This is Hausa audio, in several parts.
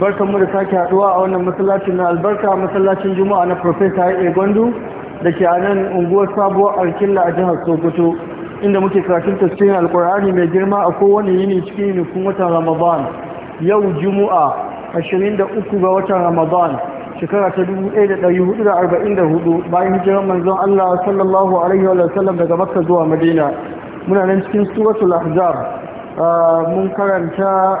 barkan mu da sake haduwa a wannan masallacin na albarka masallacin juma'a na profesa ya gwandu da ke a nan unguwar sabuwar alkilla a jihar sokoto inda muke karatun tasirin alkur'ani mai girma a kowane yini cikin yinikun watan ramadan yau juma'a 23 ga watan ramadan shekara ta 1444 bayan hijirar manzon allah sallallahu alaihi wa sallam daga makka zuwa madina muna nan cikin suratul ahzab ah, mun karanta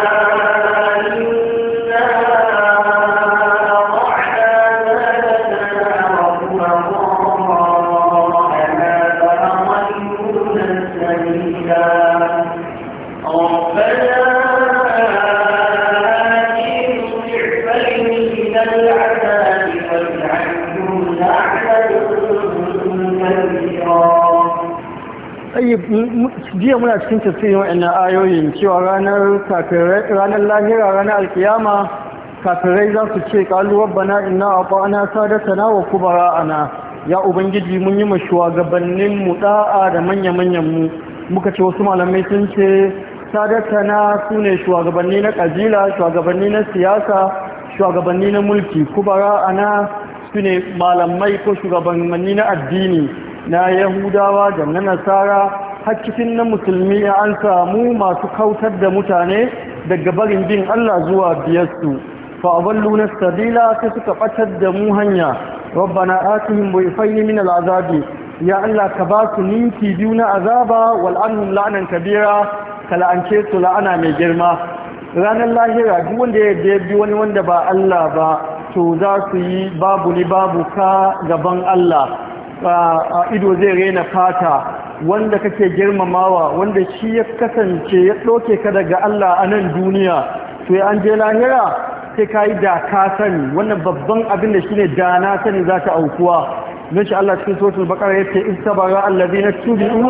jiya muna cikin tafiye wa'annan ayoyin cewa ranar ranar lahira ranar alkiyama kafirai za su ce kalu rabbana inna ata'na sadatana wa kubara'ana ya ubangiji mun yi mashuwa gabanin mu da'a da manya manyan mu muka ce wasu malamai sun ce sadatana su ne shugabanni na kabila shugabanni na siyasa shugabanni na mulki kubara'ana su ne malamai ko shugabanni na addini na yahudawa da na nasara har cikin na musulmi an samu masu kautar da mutane daga barin bin Allah zuwa biyarsu fa aballu na sabila ta suka batar da mu hanya rabbana atihim bayfayn min al'azabi ya Allah ka ba su ninki biyu na azaba wal anhum la'anan kabira ka la'ance su la'ana mai girma ranar lahira duk wanda ya bi wani wanda ba Allah ba to za su yi babu ni babu ka gaban Allah ido zai raina fata wanda kake girmamawa wanda shi ya kasance ya ɗauke ka daga Allah a nan duniya to an je lahira sai ka yi da ka sani wannan babban abin da shi ne da na sani za ta aukuwa don shi Allah cikin sotul bakar ya ce in sabara zai na tubi'u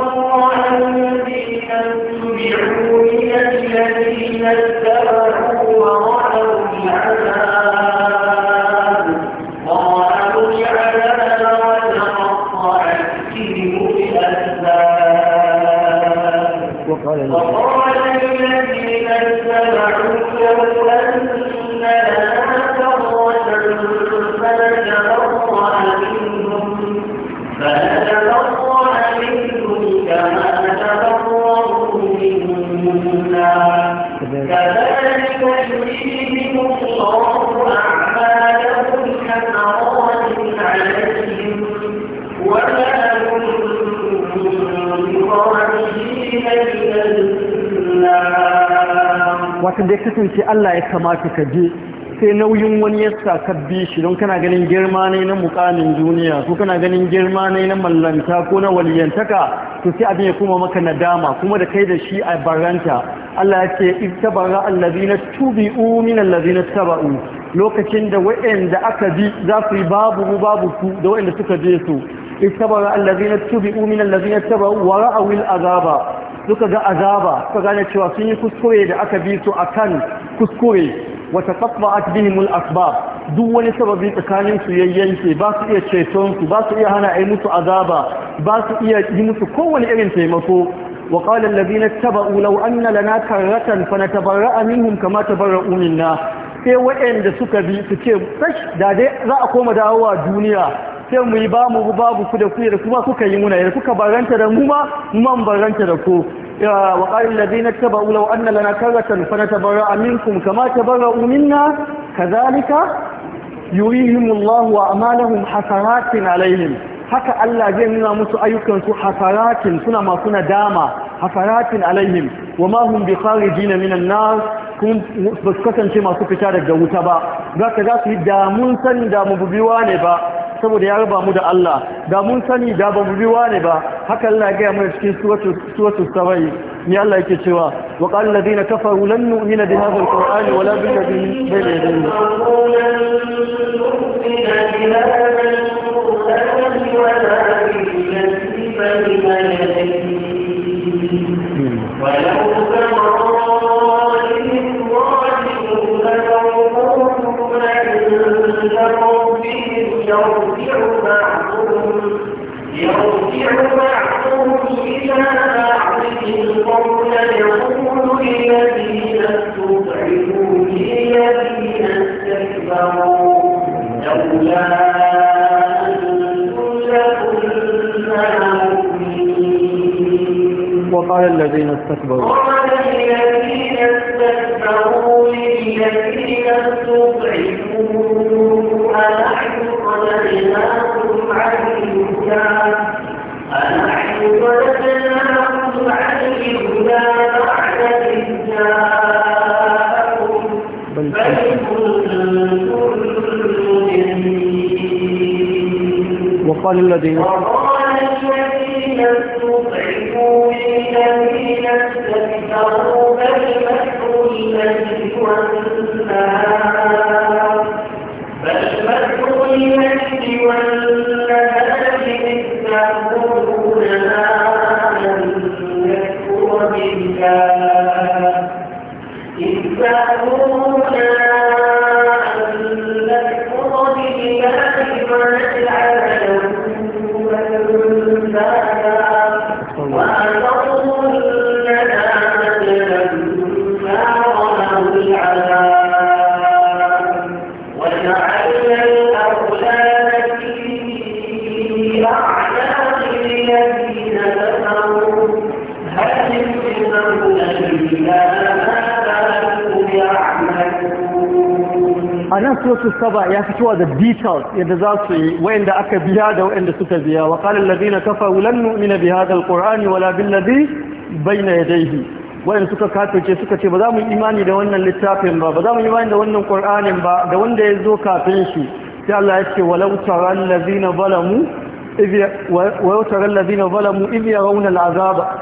watan da ya kasance Allah ya kamata ka je sai nauyin wani ya ka bi shi don kana ganin girma ne na mukamin duniya ko kana ganin girma ne na mallanta ko na waliyantaka to sai abin ya kuma maka nadama kuma da kai da shi a baranta Allah ya ce ittabara allazina tubi'u min allazina taba'u lokacin da wa'anda aka bi za su yi babu babu su da wa'anda suka je su ittabara allazina tubi'u min allazina taba'u wa ra'awil azaba suka ga azaba suka gane cewa sun yi kuskure da aka bi su akan kuskure wata taqba'at bihimul asbab duk wani sababi tsakanin su yayyanke ba su iya ceton su ba su iya hana yi musu azaba ba su iya yi musu kowane irin taimako وقال na اتبعوا لو أن لنا كرة فنتبرأ منهم كما تبرأوا منا sai waɗanda suka bi su ce tash da dai za a koma dawowa duniya sai mu yi ba mu babu ku da ku da kuma kuka yi muna da kuka baranta da mu ma man baranta da ku wa qalil ladina tabu law anna lana karatan fa natabarra minkum kama tabarra'u minna kadhalika wa a'malahum hasaratin alaihim haka Allah zai nuna musu ayyukansu hasaratin suna masu nadama hasaratin alaihim wa ma hum bi kharijina minan nar kun ba su kasance masu fita daga wuta ba za ka za su yi damun sanin damu mububiwa ne ba saboda ya raba mu da Allah da mun sani da ba mu biwa ne ba haka Allah ya gaya mana cikin suratul sabai ni Allah yake cewa wa qal ladina kafaru lan nu'mina bi hadha alquran wa la bi alladhi bayna yadayhi ولو hmm. وقال الذين استكبروا وقال الذين استكبروا للذين استضعفوا الذين suratu saba ya fito da details yadda za su yi wayanda aka biya da wayanda suka biya wa qala alladhina kafaru lan nu'mina bi hadha alqur'ani wala billadhi bayna yadayhi wayanda suka kafirce suka ce ba za mu imani da wannan littafin ba ba za mu imani da wannan qur'anin ba da wanda ya zo kafin shi sai Allah ya ce walau tara alladhina zalamu idh wa zalamu idh yarawna al'azaba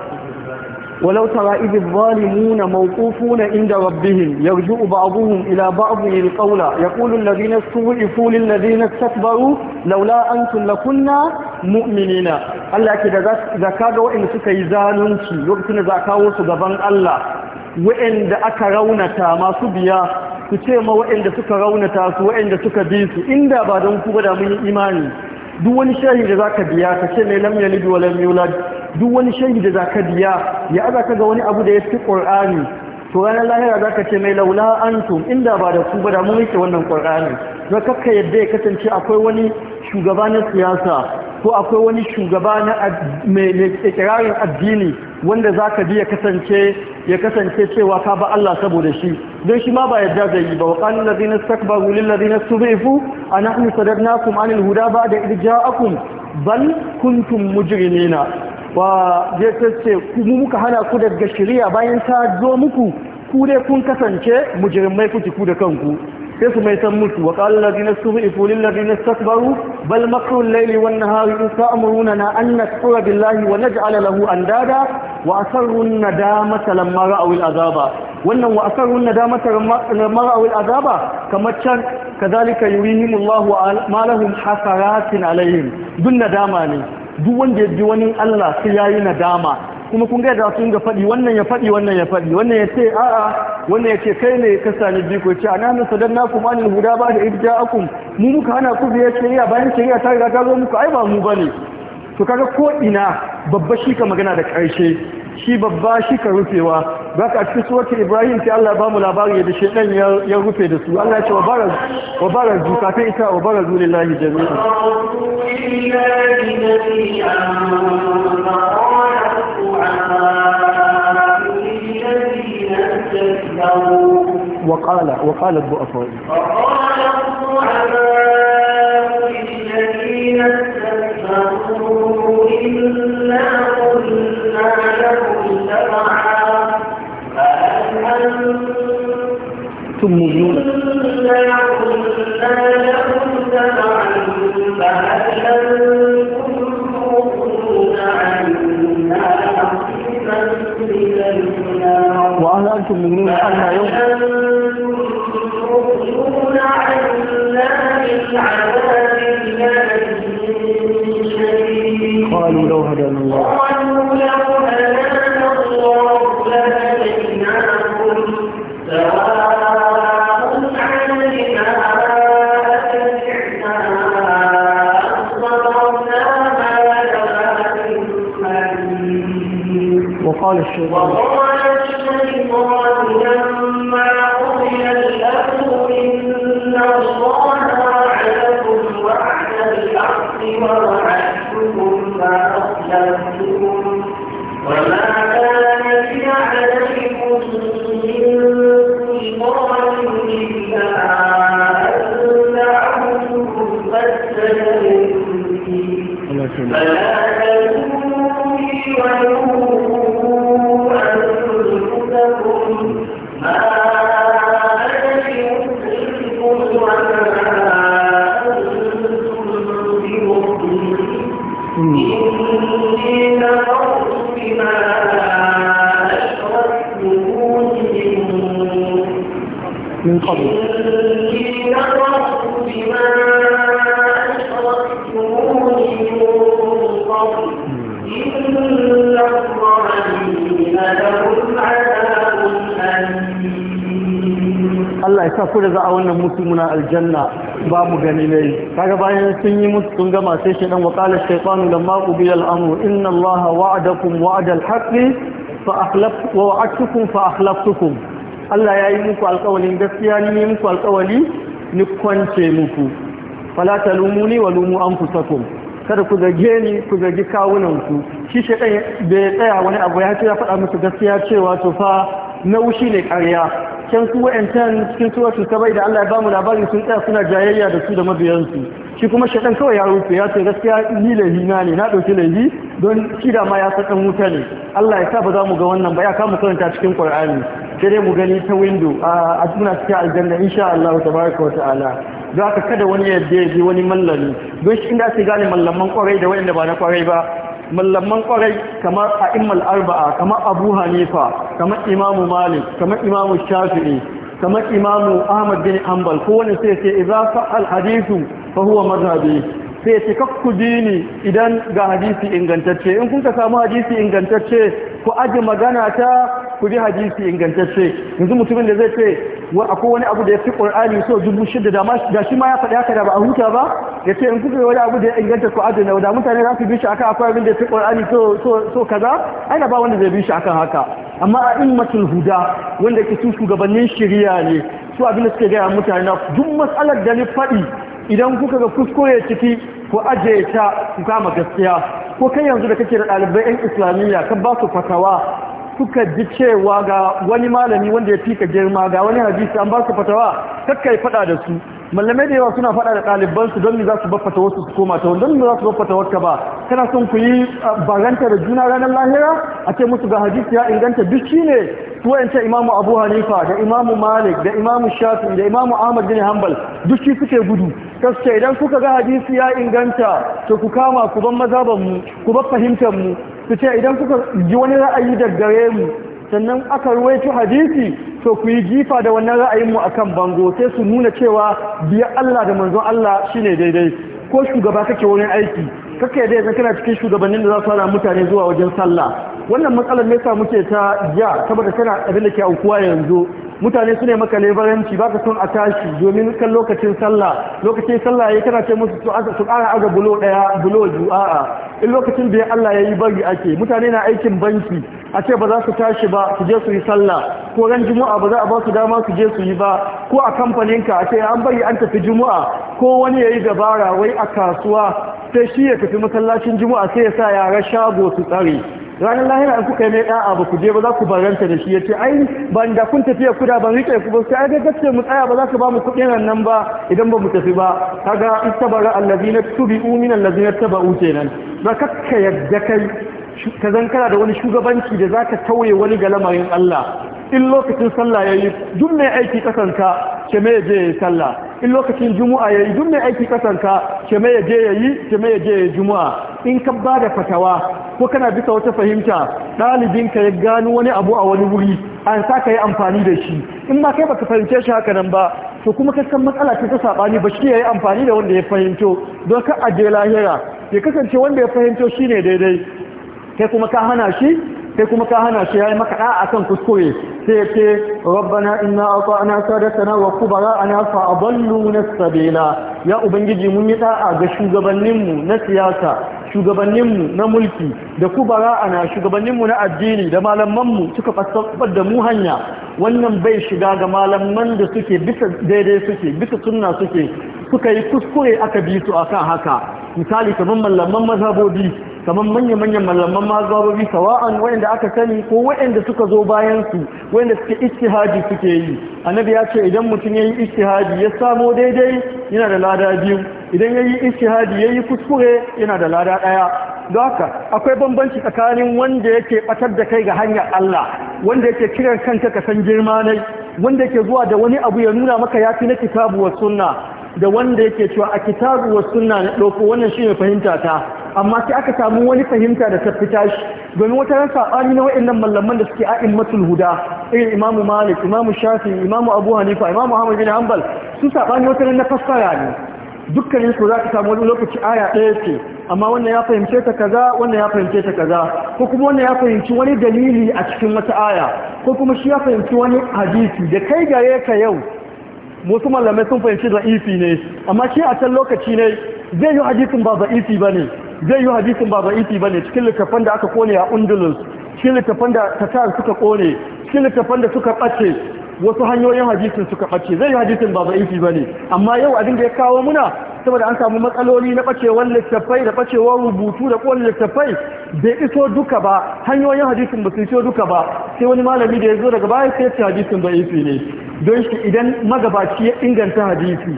ولو ترى إذ الظالمون موقوفون عند ربهم يرجع بعضهم إلى بعض القول يقول الذين استضعفوا للذين استكبروا لولا أنتم لكنا مؤمنين Allah ke da za ka ga waɗanda suka yi zalunci lokacin da za kawo su gaban Allah waɗanda aka raunata masu biya ku ce ma waɗanda suka raunata su waɗanda suka bi su inda ba don ku ba da mun yi imani duk wani shahi da za ka biya ka ce mai lam duk wani shaidi da zaka biya ya aza ka ga wani abu da ya fi qur'ani to ranar lahira zaka ce mai laula antum inda ba da ku ba da mu rike wannan qur'ani don kakka yadda ya kasance akwai wani shugaba na siyasa ko akwai wani shugaba na mai addini wanda zaka bi ya kasance ya kasance cewa ka ba Allah saboda shi don shi ma ba yadda zai yi ba wa a ladina istakbaru lil ladina istubifu anahnu sadadnakum anil huda ba'da idja'akum bal kuntum mujrimina wa zai ce kuma muka hana ku daga shari'a bayan ta zo muku ku dai kun kasance mujrimai kuke ku da kanku sai su mai san mutu wa qala alladhina sufifu lil ladina istakbaru bal makru al hari wan nahari ta'muruna na an nakfura billahi wa na ji naj'ala an-dada, wa a asarru an-nadamata lamma ra'aw al-azaba wannan wa a asarru an-nadamata lamma ra'aw al-azaba kamar can ka kadhalika yurihimullahu ma lahum hasaratin alaihim dun dama ne duk wanda ya bi wani Allah sai yayi nadama kuma kun ga da sun ga faɗi wannan ya faɗi wannan ya faɗi wannan ya ce a'a wannan ya ce kai ne ka sani biko ce ana nan sadan na kuma ni guda ba da ibda akum mu muka ana ku biye shari'a bayan shari'a ta riga ta zo muku ai ba mu bane to kaga ko ina babba shi ka magana da karshe shi babba shi ka rufewa ba ka cikin suwata ibrahim sai allah ba mu labari da shaidan ya rufe da su allah ce wa bara zu kafin ita wa bara zu lillahi jami'a وقال وقال الضعفاء وقال الضعفاء للذين استكبروا إنا أنتم مؤمنون Allah ya sa ku da za a wannan mutu muna aljanna ba mu gani ne kaga bayan sun yi mutu sun gama sai shi dan waqala shaytanu lamma qubiya al-amru inna Allah wa'adakum wa'ada al-haqqi fa akhlaftu wa wa'adtukum fa akhlaftukum Allah ya yi muku alƙawalin gaskiya ni yi muku alƙawali ni kwance muku fala talumuni wa lumu anfusakum kada ku zage ni ku zage kawunan ku shi shedan bai tsaya wani abu ya ce ya faɗa musu gaskiya cewa to fa naushi ne ƙarya can su can cikin suratul sabai da Allah ya bamu labari sun tsaya suna jayayya da su da mabiyansu shi kuma shaɗan kawai ya rufe ya ce gaskiya ni laifi na ne na ɗauki laifi don shi da ma ya saɗan wuta ne Allah ya sa ba za mu ga wannan ba ya kama karanta cikin Qur'ani sai dai mu gani ta windo a muna cikin aljanna insha Allah tabaraka wa ta'ala don haka kada wani ya je wani mallami don shi inda ake gane mallaman kwarai da wanda ba na kwarai ba mallaman kwarai kamar a immal arba'a kamar abu hanifa kamar imamu malik kamar imamu shafi'i kamar imamu ahmad bin hanbal kowane sai sai idza sahal hadithu fa huwa madhhabi sai ce kakku dini idan ga hadisi ingantacce in kun ka samu hadisi ingantacce ku aji magana ta ku bi hadisi ingantacce yanzu mutumin da zai ce wa akwai wani abu da ya fi qur'ani so dubu shida da da shi ma ya faɗi haka da ba a huta ba ya ce in kuka wani abu da ya inganta ku aji da mutane za su bi shi akan akwai abin da ya fi qur'ani so so so kaza ai ba wanda zai bi shi akan haka amma a immatul huda wanda ke su shugabannin shari'a ne su abin da suke gaya mutane duk matsalar da ni faɗi idan kuka ga kuskure ciki ku aje ta ku kama gaskiya ko kai yanzu da kake da ɗalibai 'yan islamiyya ka ba su fatawa suka ji cewa ga wani malami wanda ya fika girma ga wani hadisi an ba su fatawa kakkai fada da su mallamai da yawa suna fada da ɗalibansu don ni za su baffata wasu su koma ta wani don ni za su baffata ka ba kana son ku yi ah, baranta da juna ranar lahira a ce musu ga hadisi ya inganta duk shi ne su wayance imamu abu hanifa da imamu malik da imamu shafi da imamu ahmad bin hanbal duk shi suke gudu kaske idan kuka ga hadisi ya inganta to ku kama ku ban mazaban mu ku ban fahimtar mu su ce idan kuka ji wani ra'ayi daga gare mu sannan aka ruwaito hadisi to ku yi jifa da wannan ra'ayin mu akan bango sai su nuna cewa biya Allah da manzon Allah shine daidai ko shugaba kake wani aiki kake da yanzu kana cikin shugabannin da za su hana mutane zuwa wajen sallah wannan matsalar ne sa muke ta ya saboda tana abin da ke aukuwa yanzu mutane su ne maka lebaranci ba ka son a tashi domin kan lokacin sallah lokacin sallah ya kana ce musu su ƙara aga bulo ɗaya bulo ju'a'a in lokacin da Allah ya yi bari ake mutane na aikin banki a ce ba za su tashi ba su je su yi sallah ko ran juma'a ba za a ba su dama su je su yi ba ko a kamfaninka a ce an bari an tafi juma'a ko wani ya yi dabara wai a kasuwa sai shi ya tafi masallacin juma'a sai ya sa yara shago su tsare ranar lahira an kuka yi mai ɗa'a ba ku je ba za ku baranta da shi ya ce ai ban da kun tafiya kuda ban rike ku ba sai ai ce mu tsaya ba za ka ba mu kuɗin nan ba idan ba mu tafi ba kaga istabara allazina tubi'u min allazina taba'u kenan ba kakka yadda kai ka zan kana da wani shugabanci da za ka tauye wani ga lamarin Allah in lokacin sallah ya yi, duk mai aiki kasanta ke mai je yi sallah in lokacin juma'a yi, duk mai aiki kasanta ke mai je ya yi, ke mai je yi juma'a in ka bada fatawa ko kana bisa wata fahimta ka ya gano wani abu a wani wuri an sa ka yi amfani da shi in ba kai baka fahimce shi haka nan ba to kuma kasan matsala ce ta saɓani ba shi ya yi amfani da wanda ya fahimto don ka aje lahira ya kasance wanda ya fahimto shi ne daidai kai kuma ka hana shi kai kuma ka hana shi yayi maka da'a akan kuskure sai ya ce rabbana inna ata'na sadatana wa kubara'ana fa adalluna sabila ya ubangiji mun yi da'a ga shugabanninmu na siyasa shugabanninmu na mulki da kubara'ana shugabanninmu na addini da malamanmu suka fassafar da mu hanya wannan bai shiga ga malaman da suke bisa daidai suke bisa sunna suke suka yi kuskure aka bi su akan haka misali kamar malaman mazhabobi kamar manya-manyan malaman mazhabobi sawa'an wayanda aka sani ko wayanda suka zo bayan su wayanda suke ijtihadi suke yi annabi ya ce idan mutum yayi ijtihadi ya samo daidai yana da lada biyu idan yayi ya yayi kuskure yana da lada ɗaya. don haka akwai bambanci tsakanin wanda yake batar da kai ga hanyar Allah wanda yake kiran kanka ka san girma nai wanda yake zuwa da wani abu ya nuna maka yafi na kitabu wa sunna da wanda yake cewa a kitabu wa sunna na ɗauko wannan shi ne fahimta ta amma sai aka samu wani fahimta da ta fita shi domin wata ran saɓani na wa'annan mallaman da suke matul huda irin imamu Malik imamu Shafi imamu Abu Hanifa imamu Ahmad bin hambal su saɓani wata ran na fassara ne dukkanin su za ka samu wani lokaci aya ɗaya ce amma wannan ya fahimce ta kaza wannan ya fahimce ta kaza ko kuma wannan ya fahimci wani dalili a cikin wata aya ko kuma shi ya fahimci wani hadisi da kai gare ka yau musu malamai sun fahimci za'ifi ne amma shi a can lokaci ne zai yi hadisin ba za'ifi ba ne zai yi hadisin ba za'ifi ba ne cikin littafan da aka kone a undulus cikin littafan da tatar suka kone cikin littafan da suka ɓace wasu hanyoyin hadisin suka ɓace zai yi hadisin ba za'ifi ba ne amma yau abin da ya kawo muna saboda an samu matsaloli na bacewar littattafai da bacewar rubutu da kowane littattafai bai iso duka ba hanyoyin hadisin ba su iso duka ba sai wani malami da ya zo daga baya sai ce hadisin ba ifi ne don shi idan magabaci ya inganta hadisi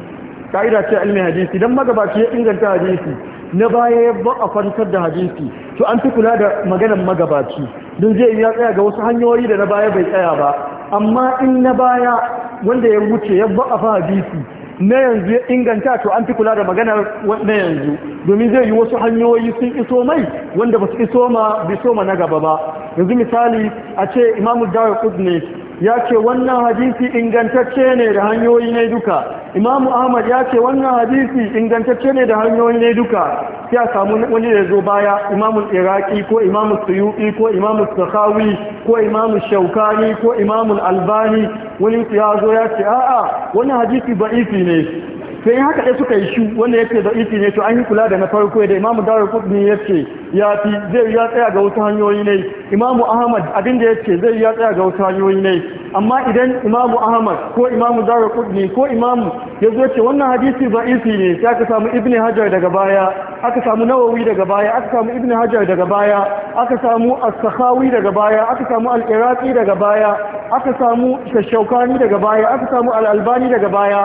ka'ida ce ilmin hadisi idan magabaci ya inganta hadisi na baya ya ba a kwantar da hadisi to an fi kula da maganan magabaci don zai ya tsaya ga wasu hanyoyi da na baya bai tsaya ba amma in na baya wanda ya wuce ya ba a fa hadisi na yanzu ya inganta to an fi kula da maganar na yanzu domin zai yi wasu hanyoyi sun iso mai wanda ba su iso ma bi so ma na gaba ba yanzu misali a ce imamu dawud kudne ya ce wannan hadisi ingantacce ne da hanyoyi ne duka imamu ahmad ya ce wannan hadisi ingantacce ne da hanyoyi ne duka sai a samu wani da zo baya imamu iraki ko imamu suyuki ko imamu sakhawi ko imamu shaukani ko imamu albani wani ya zo ya ce a'a wannan hadisi ba'ifi ne sai yi haka dai suka yi shu wanda yake da iti ne to an yi kula da na farko da imamu dawar kudni ya ce ya fi zai ya tsaya ga wasu hanyoyi ne imamu ahmad abin ya ce zai ya tsaya ga wasu hanyoyi ne amma idan imamu ahmad ko imamu zara kudni ko imamu ya zo ce wannan hadisi ba isi ne sai aka samu ibn hajar daga baya aka samu nawawi daga baya aka samu ibn hajar daga baya aka samu as-sakhawi daga baya aka samu al daga baya aka samu shashaukani daga baya aka samu al daga baya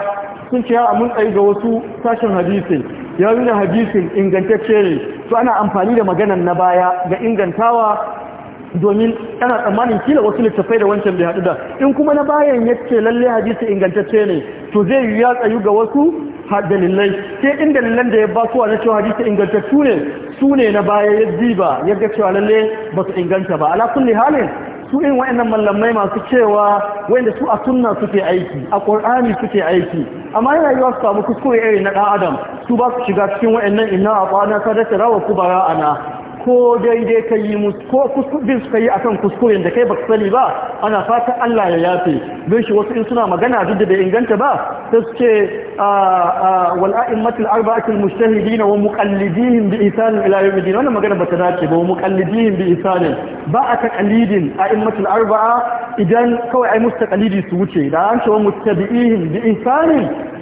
sun ce a mun tsayi ga wasu sashen hadisin ya nuna hadisin ingantacce ne su ana amfani da maganan na baya ga ingantawa domin ana tsammanin kila wasu littattafai da wancan bai haɗu da in kuma na bayan ya ce lalle hadisi ingantacce ne to zai yi ya tsayu ga wasu dalilai sai in dalilan da ya ba su na cewa hadisi ingantattu ne su ne na baya ya diba ya ga cewa lalle ba su inganta ba ala ne halin su in wa'annan mallamai masu cewa wanda su a sunna suke aiki a qur'ani suke aiki amma yana yiwa su samu kuskure irin na dan adam su ba su shiga cikin wa'annan ina a bana sadaka rawa kubara ana ko daidai ka yi musu ko kuskurin suka yi akan kuskuren da kai ba sani ba ana fata Allah ya yafe don shi wasu in suna magana duk da bai inganta ba sai su ce wal a'immatul arba'ati al mujtahidin wa muqallidin bi ihsan ila yawm din wannan magana bata dace ba muqallidin bi ihsan ba a taqlidin a'immatul arba'a idan kawai ai musu taqlidi su wuce da an ce wa mustabi'in bi ihsan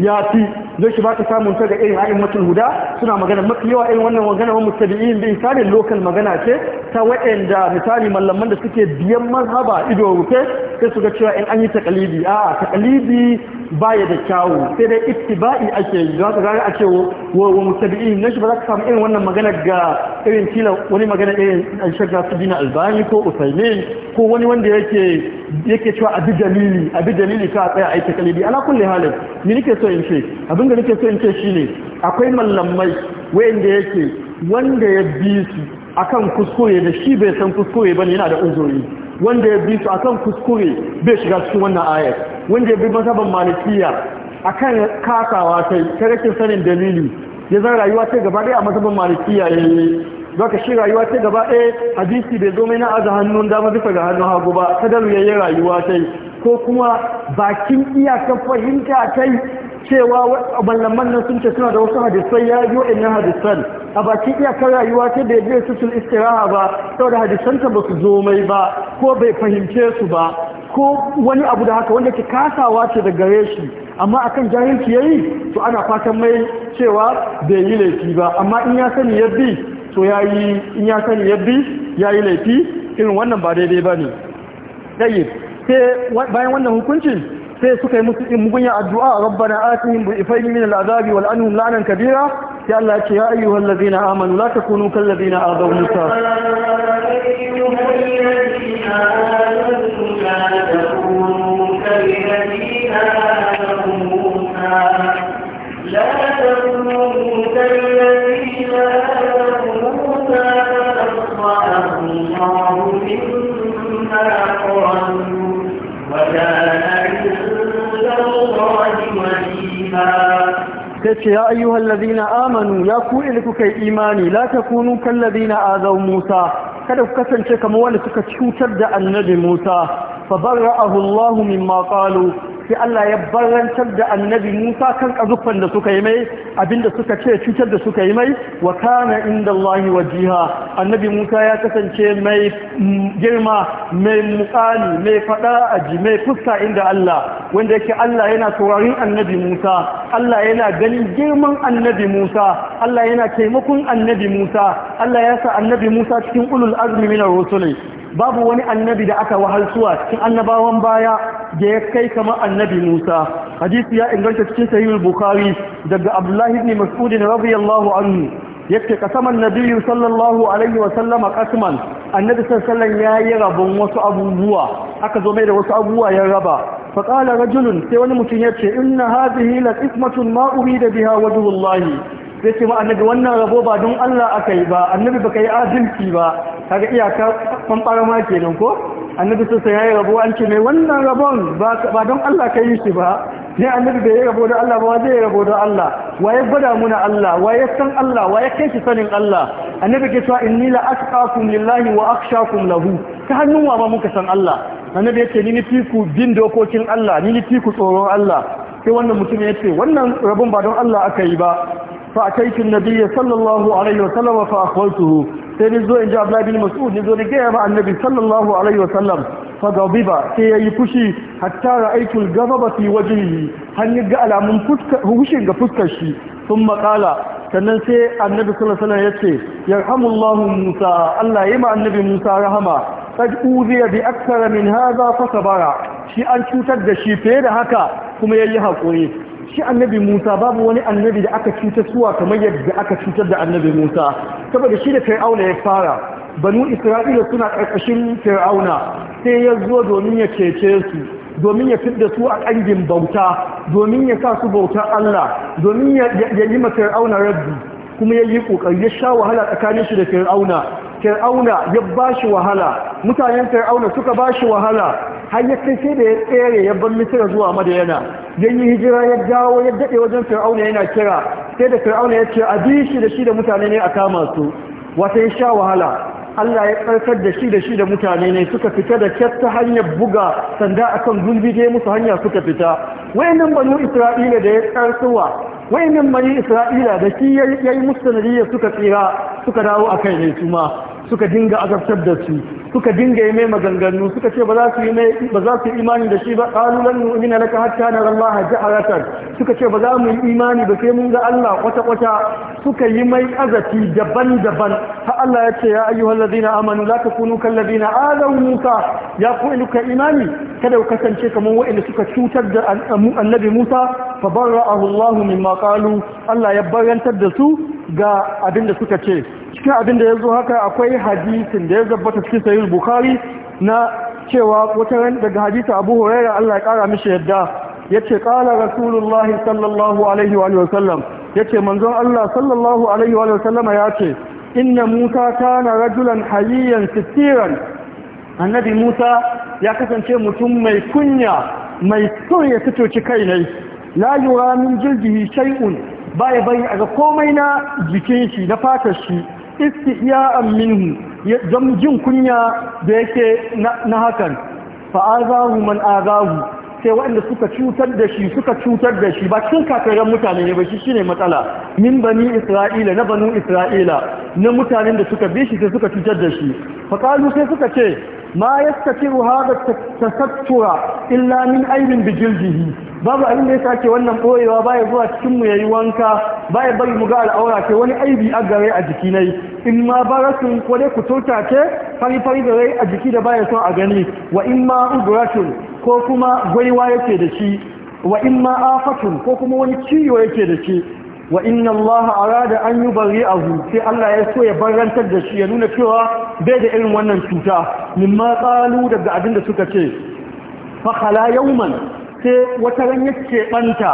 ya fi don shi ba ka samun ta ga irin a'immatul huda suna magana mafi yawa irin wannan magana wa mustabi'in bi ihsan lokacin wancan magana ce ta waɗanda misali mallaman da suke biyan mazhaba ido rufe sai su ga cewa in an yi takalibi? a takalibi baya da kyawu sai dai ittiba'i ake yi ka haka a ce wa mutabi'i na shi ba za ka samu irin wannan magana ga irin tila wani magana irin shagga su dina albani ko usaimin ko wani wanda yake yake cewa abi dalili abi dalili ka tsaya yi takalibi. ala kulli halin ni nake so in ce abin da nake so in ce ne akwai mallamai wanda yake wanda ya bi su akan kuskure da shi bai san kuskure bane yana da uzuri wanda ya bi su akan kuskure bai shiga cikin wannan ayat wanda ya bi mazhaban malikiya akan kasawa sai ta rikin sanin dalili ya zan rayuwa ta gaba ɗaya a mazhaban malikiya yayi zaka shi rayuwa ta gaba ɗaya hadisi bai zo mai na aza hannun dama bisa ga hannun hagu ba ya yi rayuwa ta ko kuma bakin iyakar fahimta kai cewa mallaman nan sun ce suna da wasu hadisai ya yi wa'annan hadisan a bakin iyakar rayuwa ta da ya su sun istiraha ba saboda hadisanta ba su zo mai ba ko bai fahimce su ba ko wani abu da haka wanda ke kasawa ce da gare shi amma akan jahilci yayi to ana fatan mai cewa bai yi laifi ba amma in ya sani ya bi to ya yi in ya sani ya bi ya yi laifi irin wannan ba daidai ba ne sai bayan wannan hukuncin sai suka yi musu mugunya addu'a rabbana atihim bi ifayni min al'adabi wal anhum la'nan kabira sai Allah ya ce ya ayyuhal ladina amanu la takunu kal ladina adaw musa لا تكونوا كالذين tace ya ayyuhal ladina amanu ya ku da kuka yi imani la takunu kal ladina azaw Musa kada ku kasance kamar wanda suka cutar da annabi Musa fa barra'ahu Allah mimma qalu sai Allah ya barantar da annabi Musa kan kazuffan da suka yi mai abinda suka ce cutar da suka yi mai wa kana inda Allah wajiha annabi Musa ya kasance mai girma mai mukali mai fada aji mai fuska inda Allah wanda yake Allah yana sauraron annabi Musa Allah yana ganin girman annabi Musa Allah yana taimakon annabi Musa Allah ya sa annabi Musa cikin ulul azmi minar rusuli babu wani annabi da aka wahalsuwa cikin annabawan baya da ya kai kamar annabi Musa hadisi ya inganta cikin sahihul bukhari daga abdullahi ibn mas'ud radiyallahu anhu yake kasaman nabiyyu sallallahu alaihi wa sallama qasman annabi sallallahu ya yi rabon wasu abubuwa aka zo mai da wasu abubuwa ya raba fa qala rajulun sai wani mutum yace inna hadhihi la qismatun ma urida biha wajhullahi sai ce ma annabi wannan rabo ba don Allah aka yi ba annabi baka yi adalci ba kaga iyaka kwamfara kenan ko annabi sun sai yi rabo an ce mai wannan rabon ba don Allah ka yi shi ba ne annabi bai yi rabo da Allah ba zai yi rabo da Allah waye gwada muna Allah waye san Allah waye kai shi sanin Allah annabi ke cewa inni la asqakum lillahi wa akhshakum lahu ta hannun wa ba muka san Allah annabi ce ni nufi ku bin dokokin Allah ni nufi ku tsoron Allah sai wannan mutum ya ce wannan rabon ba don Allah aka yi ba فأتيت النبي صلى الله عليه وسلم فأخبرته سينزو إن جاء عبد الله بن مسعود نزو لقيام عن النبي صلى الله عليه وسلم فغضب سيفشي حتى رأيت الغضب في وجهه هل يقع على من فتك هو ثم قال sannan sai annabi sallallahu alaihi wasallam yace yarhamullahu Musa Allah ma annabi Musa rahama qad ya bi akthara min hadha fa sabara shi an cutar da shi fiye da haka kuma yayi hakuri shi annabi Musa babu wani annabi da aka cutar suwa kamar yadda aka cutar da annabi Musa saboda shi da Fir'auna ya fara banu Isra'ila suna ƙarƙashin Fir'auna sai ya zo domin ya cece su domin ya fidda su a ƙangin bauta domin ya sa su bautar Allah domin ya yi ma Fir'auna rabbi kuma ya yi ƙoƙari, ya sha wahala tsakanin shi da Fir'auna Fir'auna ya bashi wahala mutanen Fir'auna suka ba shi wahala har ya kai sai da ya tsere ya bar misira zuwa madayana yan yi hijira ya dawo ya daɗe wajen fir'auna yana kira sai da fir'auna ya ce a bi shi da shi da mutane ne a kama su wata ya sha wahala Allah ya tsarkar da shi da shi da mutane ne suka fita da kyar ta hanyar buga sanda akan gulbi dai musu hanya suka fita wayannan banu isra'ila da ya tsarsuwa wayannan bani isra'ila da shi yi musu sanadiyya suka tsira suka dawo akai ne su ma suka dinga azabtar da su suka dinga yi mai maganganu suka ce ba za su yi imani da shi ba qalu lan na laka hatta nara Allah jaharatan suka ce ba za mu yi imani ba sai mun ga Allah kwata kwata suka yi mai azafi daban-daban ha Allah ya ce ya ayyuhallazina amanu la kunu kallazina adaw Musa ya ku inuka imani kada ku kasance kamar wa'anda suka cutar da annabi Musa fa barra'ahu Allah mimma qalu Allah ya barantar da su ga abin da suka ce cikin abin da ya zo haka akwai hadisin da ya zabbata cikin sahih bukhari na cewa wata ran daga hadisi abu huraira Allah ya kara mishi yadda yace qala rasulullahi sallallahu alaihi wa sallam yace manzon Allah sallallahu alaihi wa sallama yace inna musa kana rajulan hayyan sitiran annabi musa ya kasance mutum mai kunya mai so ya fitoci kai ne la yura min jildihi shay'un ba ya bari a ga komai na jikin shi na fatar shi iski iya aminu don jin kunya da yake na hakan fa'azahu man azahu sai waɗanda suka cutar da shi suka cutar da shi ba cikin kakarar mutane ne ba shi shine matsala min bani isra'ila na banu isra'ila na mutanen da suka bi shi sai suka cutar da shi faƙalu sai suka ce ma yastatiru hada tasattura illa min aibin bijildihi babu abin da ya wannan boyewa baya zuwa cikin mu yayi wanka baya bari mu ga al'aura ce wani aibi a gare a jiki nai in ma barasun ko dai kuturta ce fari fari da rai a jiki da baya son a gani wa in ma udratun ko kuma gwaiwa yake da shi wa in ma afatun ko kuma wani ciwo yake da shi wa inna Allah arada an yubari'ahu sai Allah ya so ya barantar da shi ya nuna cewa bai da irin wannan cuta mimma qalu daga abin da suka ce fa khala yawman sai wata ran yake banta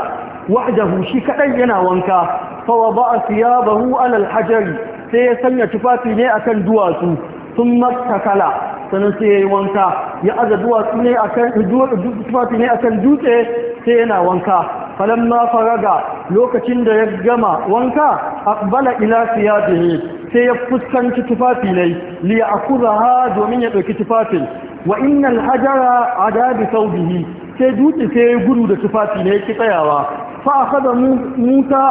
wahdahu shi kadai yana wanka fa wada'a thiyabahu ala al sai ya sanya tufafi ne akan duwatsu sun matakala sannan sai ya yi wanka ya aza duwatsu ne a kan dutse sai yana wanka falon ma faraga lokacin da ya gama wanka akbala ila fiye sai ya fuskanci tufafi ne liya akuza ha domin ya ɗauki tufafin wa innal hajara sau bihi, sai dutse sai ya gudu da tufafi ne ya ki tsayawa fa akhadha musa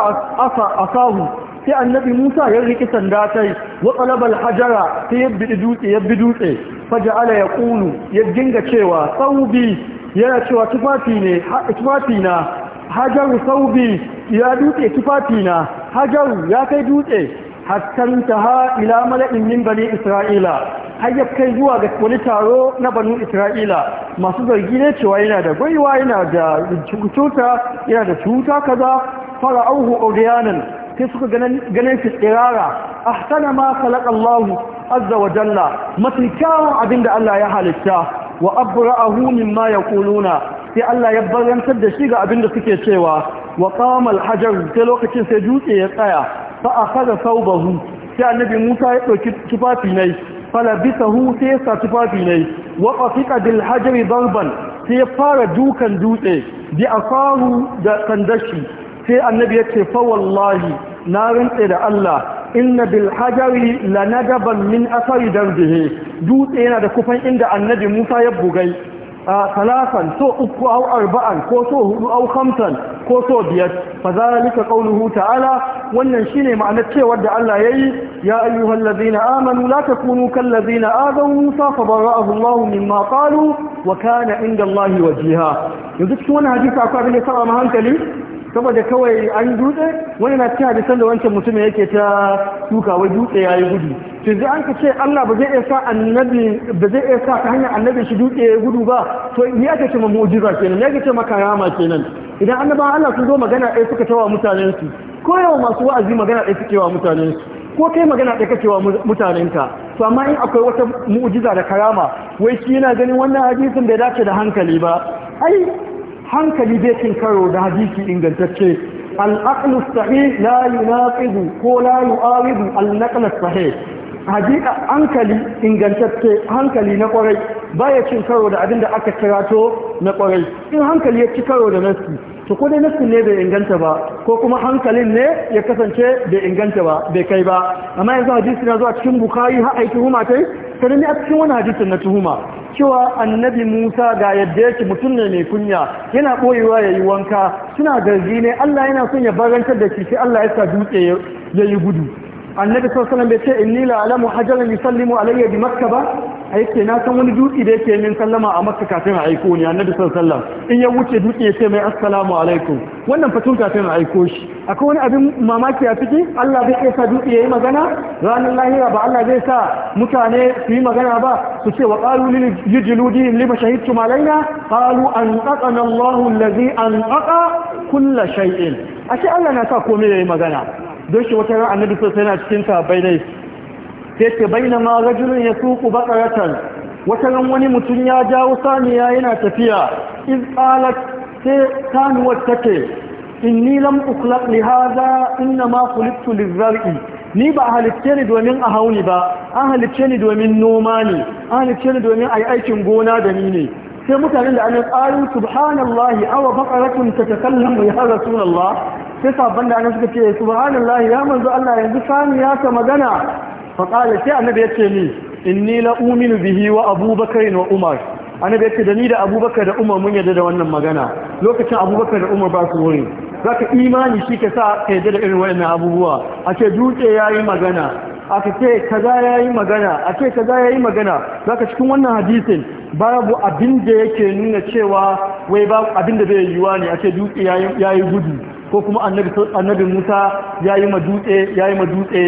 sahu. sai annabi Musa ya riki sanda tai wa talabal hajara sai ya bidi dutse ya bi dutse faja'ala yaqulu ya dinga cewa saubi yana cewa tufafi ne tufafi na hajaru saubi ya dutse tufafi na hajaru ya kai dutse ha ila mala'in min bani isra'ila har ya kai zuwa ga wani taro na banu isra'ila masu zargi ne cewa yana da gwaiwa yana da cuta yana da cuta kaza fara auhu odiyanan sai suka ganin shi tsirara ahsana ma khalaqa Allah azza wa jalla mafi kyawun abin da Allah ya halitta wa ma ya kununa sai Allah ya barantar da shi ga abin da suke cewa wa qama hajar sai lokacin sai dutse ya tsaya fa akhadha thawbahu sai annabi Musa ya ɗauki tufafi ne falabisahu sai ya sa tufafi ne wa qafiqa bil hajri sai ya fara dukan dutse bi asahu da sandashi sai annabi ya ce fa wallahi na rantse da Allah inna bil hajari lanadaban min asari dutse yana da kufan inda annabi Musa ya bugai salasan so uku au arba'an ko so hudu au ko so biyar fa zalika qawluhu ta'ala wannan shine ma'anar cewar da Allah yayi ya ayyuhal ladzina amanu la takunu kal ladzina adaw Musa fa bara'ahu Allah mimma qalu wa kana inda Allah wajiha yanzu cikin wannan hadisi akwai abin da ya saba hankali saboda kawai an dutse wani na cikin hadisan da wancan mutumin yake ta duka wai dutse ya yi gudu to zai an ka ce Allah ba zai iya sa annabi ba zai iya sa ta hanyar annabi shi dutse ya gudu ba to ni aka ce ma mu'jiza kenan ni aka ce ma karama kenan idan annabawan Allah sun zo magana ɗaya suka tawa mutanen su ko yau masu wa'azi magana ɗaya suke wa mutanen su ko kai magana ɗaya kake wa mutanenka to amma in akwai wata mu'jiza da karama wai shi yana ganin wannan hadisin bai dace da hankali ba ai hankali zai cin karo da hadisi ingantacce al-aqlu sahih la ko la yu'aridu al-naql sahih hadika hankali ingantacce hankali na kwarai baya cin karo da abinda da aka kirato na kwarai in hankali ya ci karo da nasi to ko dai nassin ne bai inganta ba ko kuma hankalin ne ya kasance bai inganta ba bai kai ba amma yanzu hadisi na zuwa cikin bukari har tuhuma kai sai ne a cikin wani hadisi na tuhuma cewa annabi Musa ga yadda yake mutum ne mai kunya yana boyewa yayi wanka suna garzi ne Allah yana son ya barantar da shi sai Allah ya sa dutse yayi gudu annabi sallallahu alaihi wasallam bai ce inni la alamu hajaran yusallimu alayya bi makkah ba aike na san wani dutse da yake min sallama a makka kafin a aiko ni annabi sallallahu alaihi wasallam in ya wuce dutse ya ce mai assalamu alaikum wannan fatun kafin a aiko shi akwai wani abin mamaki a ciki Allah zai iya sa dutse yayi magana ranar lahira ba Allah zai sa mutane su yi magana ba su ce wa qalu lil yujludi lima shahidtum alaina qalu an taqana Allahu allazi an taqa kull shay'in ashe Allah na sa komai yayi magana don shi wata ran annabi sallallahu alaihi wasallam cikin bai dai. sai ce bainama rajulun yasuqu baqaratan wata ran wani mutum ya jawo saniya yana tafiya in qalat sai sanuwar take inni lam ukhlaq li hadha inna ma khuliqtu lizar'i ni ba halicce ni domin a hauni ba an halicce ni domin noma ne an halicce ni domin yi aikin gona da ni ne sai mutanen da annabi qalu subhanallahi ta kallon tatakallamu ya rasulallah sai sabban da annabi suka ce subhanallahi ya manzo Allah yanzu saniya ta magana faƙala sai annabi ya ce ni inni la uminu bihi wa abubakar wa umar annabi ya ce da ni da abubakar da umar mun yarda da wannan magana lokacin abubakar da umar ba su wuri zaka imani shi ka sa ka yarda da irin wayannan abubuwa a ce dutse yayi magana aka ce kaza yi magana a ce kaza yi magana zaka cikin wannan hadisin babu abin da yake nuna cewa wai ba abin da bai yiwuwa ne a ce dutse yayi gudu ko kuma annabi musa ya yi madutse ya yi madutse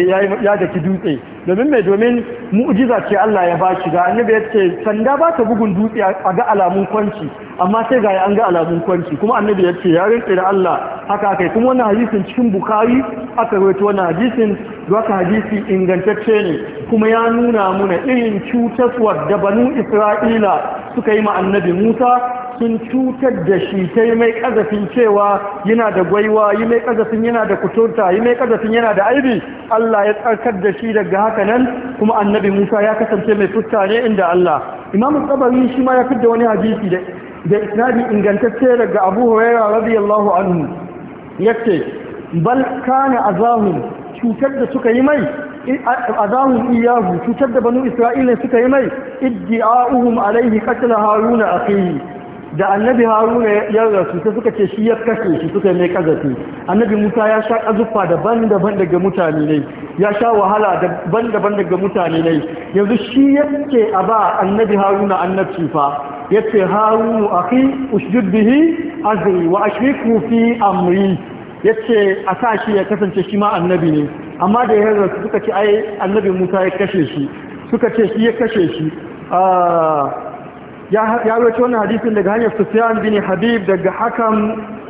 ya daki dutse domin mai domin mu'jiza ce Allah ya ba shi ga annabi ya ce sanda ba ta bugun dutse a ga alamun kwanci amma sai ga an ga alamun kwanci kuma annabi ya ce ya rinke da Allah haka kai. kuma wannan hadisin cikin bukari aka rawaito wannan hadisin haka hadisi ingantacce ne kuma ya nuna muna irin cutaswar da banu isra'ila suka yi ma annabi musa sun cutar da shi ta yi mai ƙazafin cewa yana da gwaiwa yi mai ƙazafin yana da kuturta yi mai ƙazafin yana da aibi Allah ya tsarkar da shi daga haka nan kuma annabi Musa ya kasance mai fuska ne inda Allah Imam Tsabari shi ma ya fidda wani hadisi da da isnadi ingantacce daga Abu Hurairah radiyallahu anhu yace bal kana azahum cutar da suka yi mai azahun iyahu cutar da banu isra'ila suka yi mai iddi'a'uhum alaihi qatl haruna akhihi da annabi haruna ya rasu ta suka ce shi ya kashe shi suka yi mai kazafi annabi musa ya sha azuffa daban-daban daga mutane ne ya sha wahala daban-daban daga mutane ne yanzu shi ya ce a ba annabi haruna annabci fa yace a fi ushdid bihi azri wa ashriku fi amri ce a sa shi ya kasance shi ma annabi ne amma da ya rasu suka ce ai annabi musa ya kashe shi suka ce shi ya kashe shi ah, ya roci wannan hadisin daga hanyar Sufyan bin Habib daga Hakam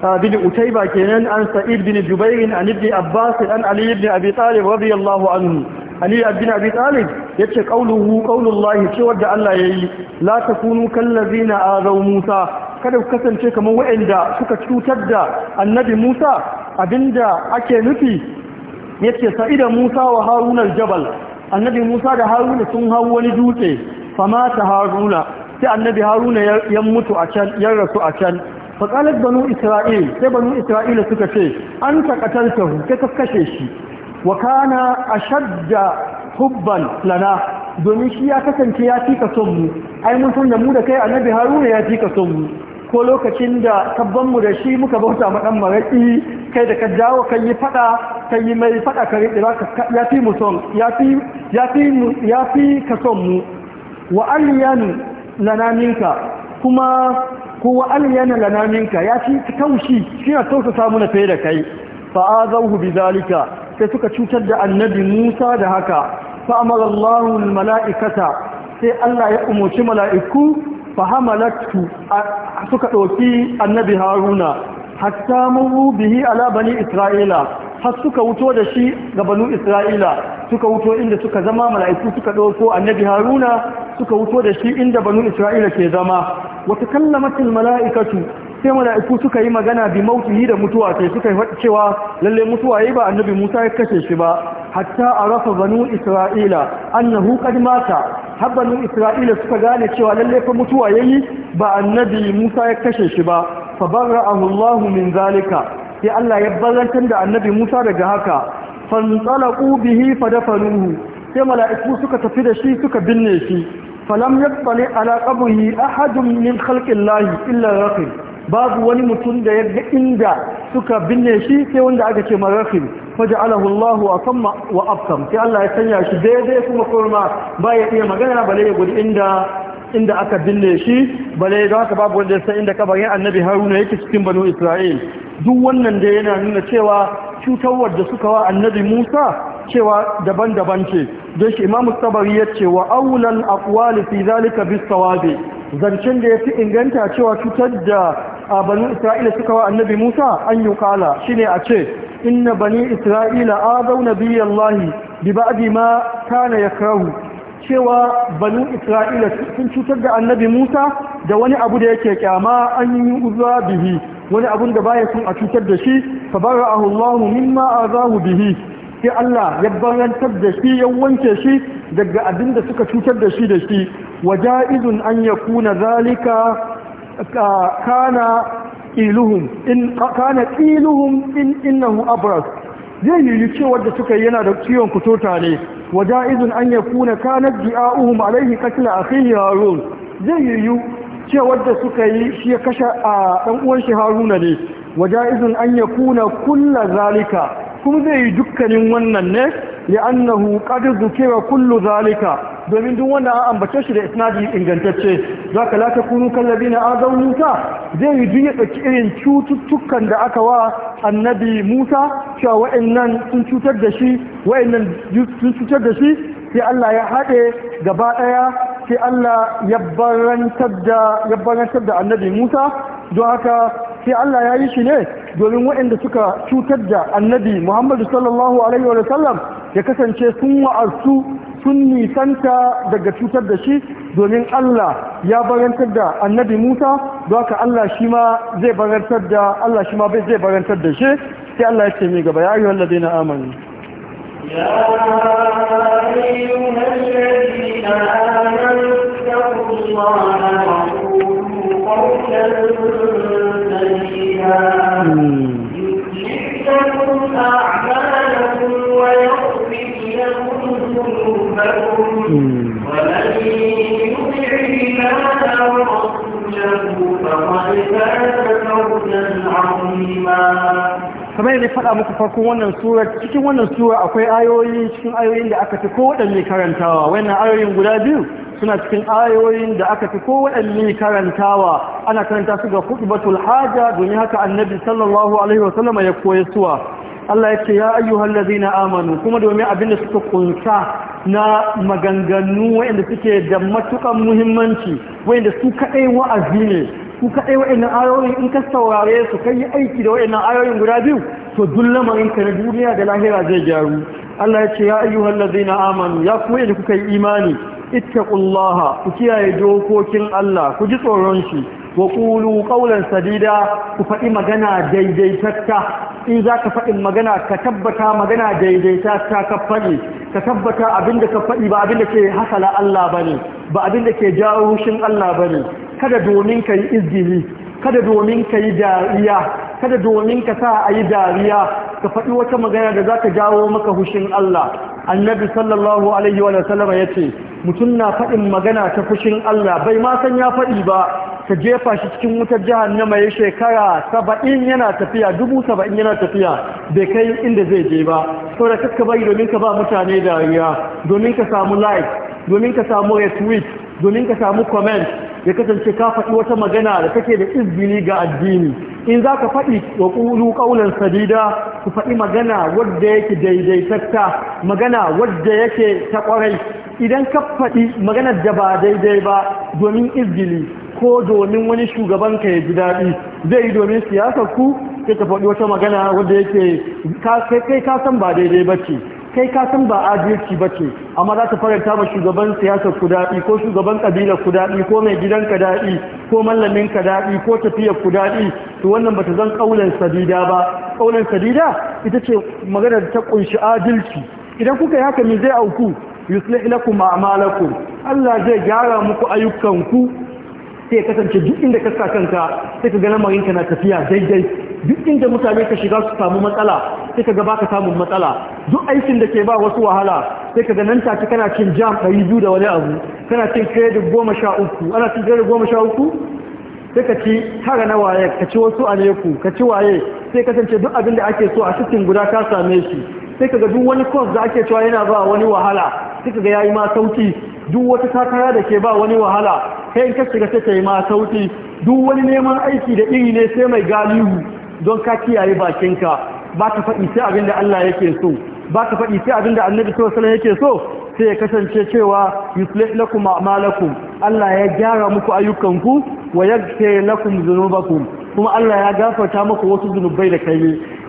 ah, bin Utaiba kenan an Sa'id bin Jubair an Ibn Abbas an Ali ibn Abi Talib radiyallahu anhu Ali ibn Abi Talib yace qauluhu qaulullahi ce da Allah yayi la takunu kallazina azaw Musa kada ku kasance kamar waɗanda suka cutar da annabi Musa abinda ake nufi yace sa'ida Musa wa haruna jabal annabi Musa da Haruna sun hawo wani dutse famata Haruna sai annabi haruna ya mutu a can ya rasu a can faƙalar banu isra'il sai banu isra'ila suka ce an taƙatar ta ka kashe shi wa kana a shadda hubban lana domin shi ya kasance ya fi ka son mu ai mun san da mu da kai annabi haruna ya fi ka son mu ko lokacin da kabban mu da shi muka bauta ma dan maraki kai da ka dawo kai yi fada kai yi mai fada kare da ya fi mu son ya fi ya fi ya fi ka son mu wa lana minka kuma kowa alyana lana minka ya fi taushi shine tausasa mana fiye da kai fa azahu zalika sai suka cutar da annabi Musa da haka fa amara Allahu mala'ikata sai Allah ya umarci mala'iku fa hamalatu suka ɗauki annabi Haruna hatta mu bihi ala bani Isra'ila har suka wuto da shi ga banu isra'ila suka wuto inda suka zama mala'iku suka ɗauko annabi haruna suka wuto da shi inda banu isra'ila ke zama wata kallamatin mala'ikatu sai mala'iku suka yi magana bi mautihi da mutuwa sai suka yi cewa lalle mutuwa yi ba annabi musa ya kashe shi ba hatta arafa banu isra'ila annahu qad mata har banu isra'ila suka gane cewa lalle fa mutuwa yayi ba annabi musa ya kashe shi ba fa barra'ahu allah min zalika sai Allah ya bazantar da annabi Musa daga haka fantalaqu bihi fadafanuhu sai mala'iku suka tafi da shi suka binne shi falam yaqbali ala qabrihi ahadun min khalqillahi illa raqib babu wani mutum da ya inda suka binne shi sai wanda aka ce maraqib faj'alahu Allahu asamma wa abkam sai Allah ya sanya shi daidai kuma kurma baya iya magana bale ya gudu inda inda aka binne shi bale da haka babu wanda ya san inda kabarin annabi Haruna yake cikin banu Isra'il duk wannan da yana nuna cewa cutarwar da suka wa annabi Musa cewa daban-daban ce don shi Imam tabari ya ce wa aulan akwali fi zalika bis sawabi zancen da ya fi inganta cewa cutar da a bani isra'ila suka wa annabi musa an yi kala shine a ce inna bani isra'ila azau nabiyallahi bi ba'di ma kana yakrahu cewa banu isra'ila sun cutar da annabi musa da wani abu da yake kyama an yi uzuwa bihi wani abun da baya sun a cutar da shi fa bara'ahu allahu mimma azahu bihi sai allah ya barantar da shi ya wanke shi daga abin da suka cutar da shi da shi waja'izun an yakuna zalika kana iluhum in kana iluhum in innahu abras zai yiwu cewar da suka yi yana da ciwon kutota ne wa izin an yakuna kanat ji'a'uhum alaihi a kai harun zai yiwu cewar da suka yi shi ya kashe a ɗan uwan shi haruna ne wajen izin an yakuna kullu zalika kuma zai yi dukkanin wannan ne annahu qad zukira kullu zalika domin duk wanda an ambace shi da isnadi ingantacce za ka lata kunu kallabi na azau musa zai yi duk ya irin cututtukan da aka wa annabi musa cewa wa'annan sun cutar da shi wa'annan sun cutar da shi sai allah ya haɗe gaba ɗaya sai allah ya barantar da annabi musa don haka sai allah ya yi shi ne domin waɗanda suka cutar da annabi muhammadu sallallahu alaihi wa sallam ya kasance sun wa'arsu sun nisanta daga cutar da shi domin Allah ya barantar da annabi Musa don haka Allah shi ma zai barantar da Allah shi ma bai zai barantar da shi sai Allah ya ce mai gaba ya ayyuhal ladina amanu ya ayyuhal ladina amanu taqullaha wa qulu qawlan sadida hmm. yuslih lakum a'malakum kamar yadda faɗa muku farkon wannan surar cikin wannan sura akwai ayoyi cikin ayoyin da aka fi ko waɗanne karantawa wannan ayoyin guda biyu suna cikin ayoyin da aka fi ko waɗanne karantawa ana karanta su ga khutbatul haja domin haka annabi sallallahu alaihi wasallam ya koya suwa Allah ya ce ya ayyuhal ladina amanu kuma domin abin da suka kunsa na maganganu wa'inda suke da matukan muhimmanci wa'inda su kadai wa'azi ne su kadai wayannan ayoyin in ka saurare su kai aiki da wayannan ayoyin guda biyu to duk lamarin ka na duniya da lahira zai gyaru Allah ya ce ya ayyuhal ladina amanu ya ku kuka yi imani ittaqullaha ku kiyaye dokokin Allah ku ji tsoron shi wa qulu qawlan sadida ku faɗi magana daidaitatta in za ka faɗin magana ka tabbata magana daidaita ta ka faɗi ka tabbata abinda ka faɗi ba abinda ke hasala Allah ba ne ba abinda ke jawo hushin Allah ba ne kada domin ka yi izgili kada domin ka yi dariya kada domin ka sa a yi dariya ka faɗi wata magana da za ka jawo maka hushin Allah annabi sallallahu alaihi wa sallama ya ce mutum na faɗin magana ta fushin Allah bai ma san ya faɗi ba ka jefa shi cikin wutar jahannama ya shekara saba'in yana tafiya dubu saba'in yana tafiya bai kai inda zai je ba saboda kakka bari domin ka ba mutane dariya domin ka samu like domin ka samu retweet domin ka samu comment ya kasance ka faɗi wata magana da kake da izini ga addini in za ka faɗi wa ƙulu ƙaunar sadida ku faɗi magana wadda yake daidaitatta magana wadda yake ta ƙwarai idan ka faɗi maganar da ba daidai ba domin izgili ko domin wani shugaban ka ya ji daɗi zai yi domin siyasar ku sai ka faɗi wata magana wadda yake kai ka san ba daidai ba ce kai ka san ba adalci ba ce amma za ta faranta ma shugaban siyasar ku daɗi ko shugaban ƙabilar ku daɗi ko mai gidan ka daɗi ko mallamin ka daɗi ko tafiyar ku daɗi to wannan bata zan ƙaunar sadida ba ƙaunar sadida ita ce magana ta ƙunshi adalci idan kuka yi haka me zai auku yuslih lakum a'malakum Allah zai gyara muku ayyukanku sai kasance duk inda ka sa kanka sai ka ga lamarin ka na tafiya daidai duk inda mutane ka shiga su samu matsala sai ka ga baka samu matsala duk aikin da ke ba wasu wahala sai ka ga nan take kana cin jam 200 da wani abu kana cin credit 13 ana cin credit 13 sai ka ci tara na waye ka ci wasu aleku ka ci waye sai kasance duk abin da ake so a cikin guda ka same shi sai ga duk wani kwas da ake cewa yana ba wani wahala sai ya yayi ma sauki duk wata takara da ke ba wani wahala kai in ka shiga sai yi ma sauki duk wani neman aiki da iri ne sai mai galihu don ka kiyaye bakinka ba ka faɗi sai abin da Allah yake so ba ka faɗi sai abin da annabi sallallahu alaihi yake so sai ya kasance cewa yuslih lakum a'malakum Allah ya gyara muku ayyukanku wa yaghfir lakum dhunubakum kuma Allah ya gafarta maka wasu zunubai da kai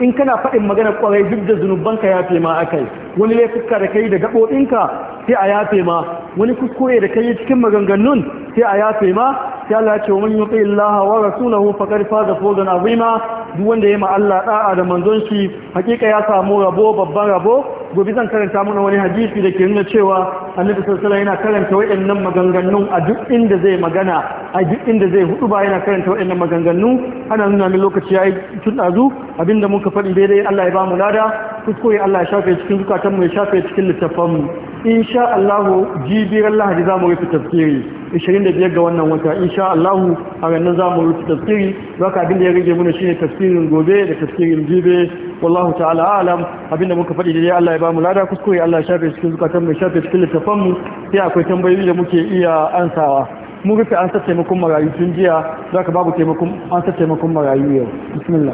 in kana faɗin magana kwarai duk da zunubanka ya fema ma akai wani laifuka da kai da gaɓoɗinka sai a yafe ma wani kuskure da kai cikin maganganun sai a yafe ma sai Allah ya ce wani yi Allah wa rasulahu faqad faza fawzan azima duk wanda ya ma Allah da'a da manzon shi hakika ya samu rabo babban rabo gobe zan karanta mana wani hadisi da ke nuna cewa annabi sallallahu yana karanta waɗannan maganganun a duk inda zai magana a duk inda zai hudu ba yana karanta waɗannan maganganu ana nuna min lokaci yayi tun dazu abinda muka faɗi daidai Allah ya ba mu lada kuskure Allah ya shafe cikin zukatan mu ya shafe cikin littafan insha Allah jibi Allah zamu rufe tafsiri 25 ga wannan wata insha Allah a ranar za mu tafsiri baka abin da ya rage mana shine tafsirin gobe da tafsirin jibe wallahu ta'ala alam abin da muka faɗi dai Allah ya ba mu lada kuskure Allah ya shafe cikin zukatan mai shafe cikin littafan mu sai akwai tambayoyi da muke iya ansawa mun rufe an mu taimakon marayu tun jiya zaka babu taimakon an mu taimakon marayu yau bismillah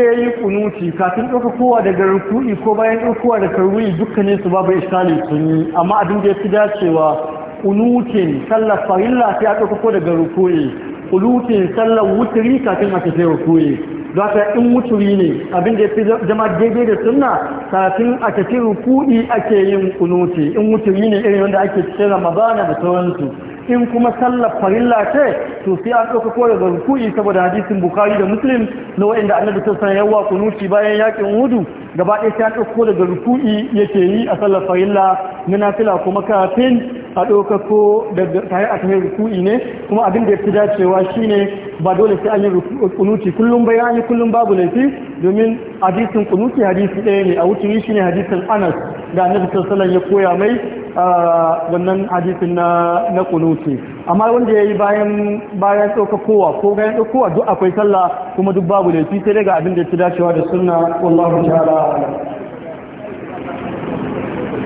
wanda ya yi kunuti kafin ɗauka daga rukuni ko bayan ɗaukowa da rukuni dukkanin su babu ishali sun amma abin da ya fi dacewa kunutin sallar farilla sai a ɗauka ko daga rukuni kunutin sallar wuturi kafin a tafiya rukuni za ka in wuturi ne abin da ya fi zama daidai da sunna kafin a tafi rukuni ake yin kunuti in wuturi ne irin wanda ake cikin ramadana da sauransu in kuma sallar farilla ce to sai an ɗauka ko daga ruku'i saboda hadisin bukari da muslim na wa'inda annabi ta sanar yawa kunuti bayan yakin hudu gaba ɗaya sai an ɗauka ko daga ruku'i yake yi a sallar farilla na fila kuma kafin a ɗaukako daga tare a kan ruku'i ne kuma abin da ya fi dacewa shine ba dole sai an yi kunuti kullum bai an yi kullum babu laifi domin hadisin kunuti hadisi ɗaya ne a wuturi ne hadisin anas da annabi sallallahu ya koya mai wannan hadisin na na kunuti amma wanda yayi bayan bayan ɗaukakowa ko bayan ɗaukowa duk akwai sallah kuma duk babu laifi sai daga abin da ya fi dacewa da sunna wallahu ta'ala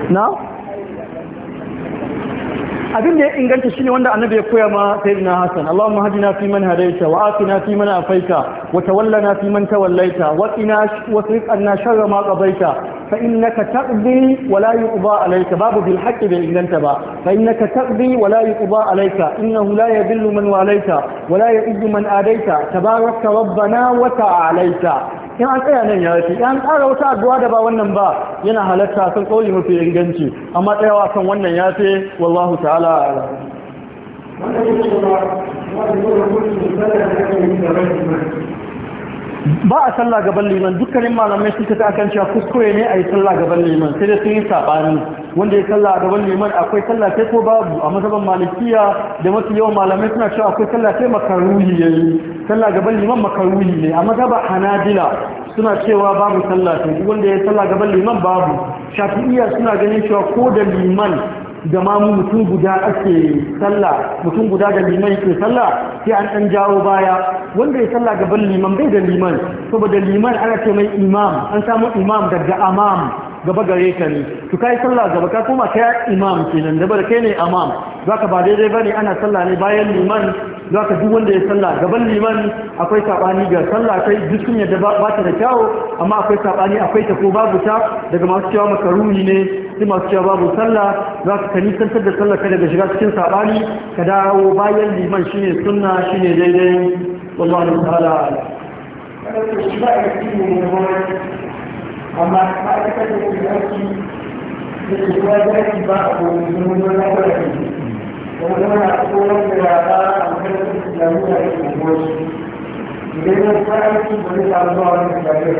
na abin da ya inganta shine wanda annabi ya koya ma sayyidina hasan allahumma hadina fi man hadaita wa afina fi man afaita wa tawallana fi man tawallaita wa qina wasrif anna sharra ma qabaita fa innaka taqdi wa la yuqda alayka babu bil haqqi bil inganta ba fa innaka taqdi wa la yuqda alayka innahu la yadhillu man walaita wa la yu'izzu man adaita tabaraka rabbana wa ta'alaita in an tsaya nan ya fi an tsara wata addu'a da ba wannan ba yana halatta sun kauli mafi inganci amma tsayawa kan wannan ya fi wallahu ta'ala ba a sallah gaban liman dukkanin malamai sun ta akan cewa kuskure ne a yi sallah gaban liman sai da sun yi sabani wanda ya sallah gaban liman akwai sallah sai ko babu a mazaban malikiya da mafi yawan malamai suna cewa akwai sallah sai makaruhi yi. sallah gaban liman makaruhi ne amma gaba hanabila suna cewa babu sallah sai duk wanda ya sallah gaban liman babu shafi'iyya suna ganin cewa ko da liman da ma mutum guda ake sallah mutum guda da liman yake sallah sai an dan jawo baya wanda ya sallah gaban liman bai da liman saboda liman ana ce mai imam an samu imam daga amam gaba gare ka ne to kai sallah gaba ka koma kai imam kenan da kai ne imam zaka ba daidai bane ana sallah ne bayan liman zaka duk wanda ya sallah gaban liman akwai sabani ga sallah kai duk sun yadda ba ta da kyau amma akwai sabani akwai ta ko babu ta daga masu cewa makaruni ne sai masu cewa babu sallah za ka nisantar da sallah ka daga shiga cikin sabani ka dawo bayan liman shine sunna shine daidai wallahi ta'ala amma ka ta kada ku da aiki da ke kuma zaki ba a gobe zuwa na wurare kuma a na tsoron da ya ba a makarantar islamiyya da ke goshi idan ya fara aiki ba zai samu a wani islamiyya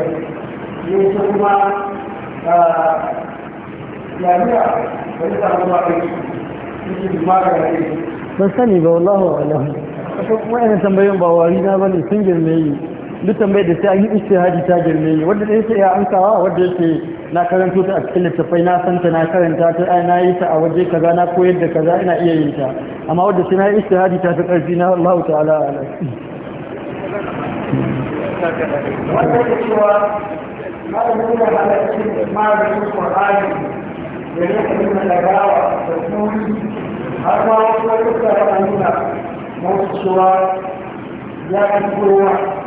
ne ta kuma islamiyya ba zai samu zuwa aiki ban sani ba wallahu alam kuma yana tambayin ba wari na bane sun girme yi duk tambayar da sai an yi istihadi ta girme ne wanda dai sai ya ankawa wanda yake na karanto ta a cikin littattafai na san ta na karanta ta ai na yi ta a waje kaza na koyar da kaza ina iya yin ta amma wanda sai na yi istihadi ta ta karfi na Allah ta'ala ala wanda ke cewa malamin da halarci malamin Qur'ani da yake kuma da rawa da kuma har ma wasu lokuta da nuna wasu cewa ya fi kowa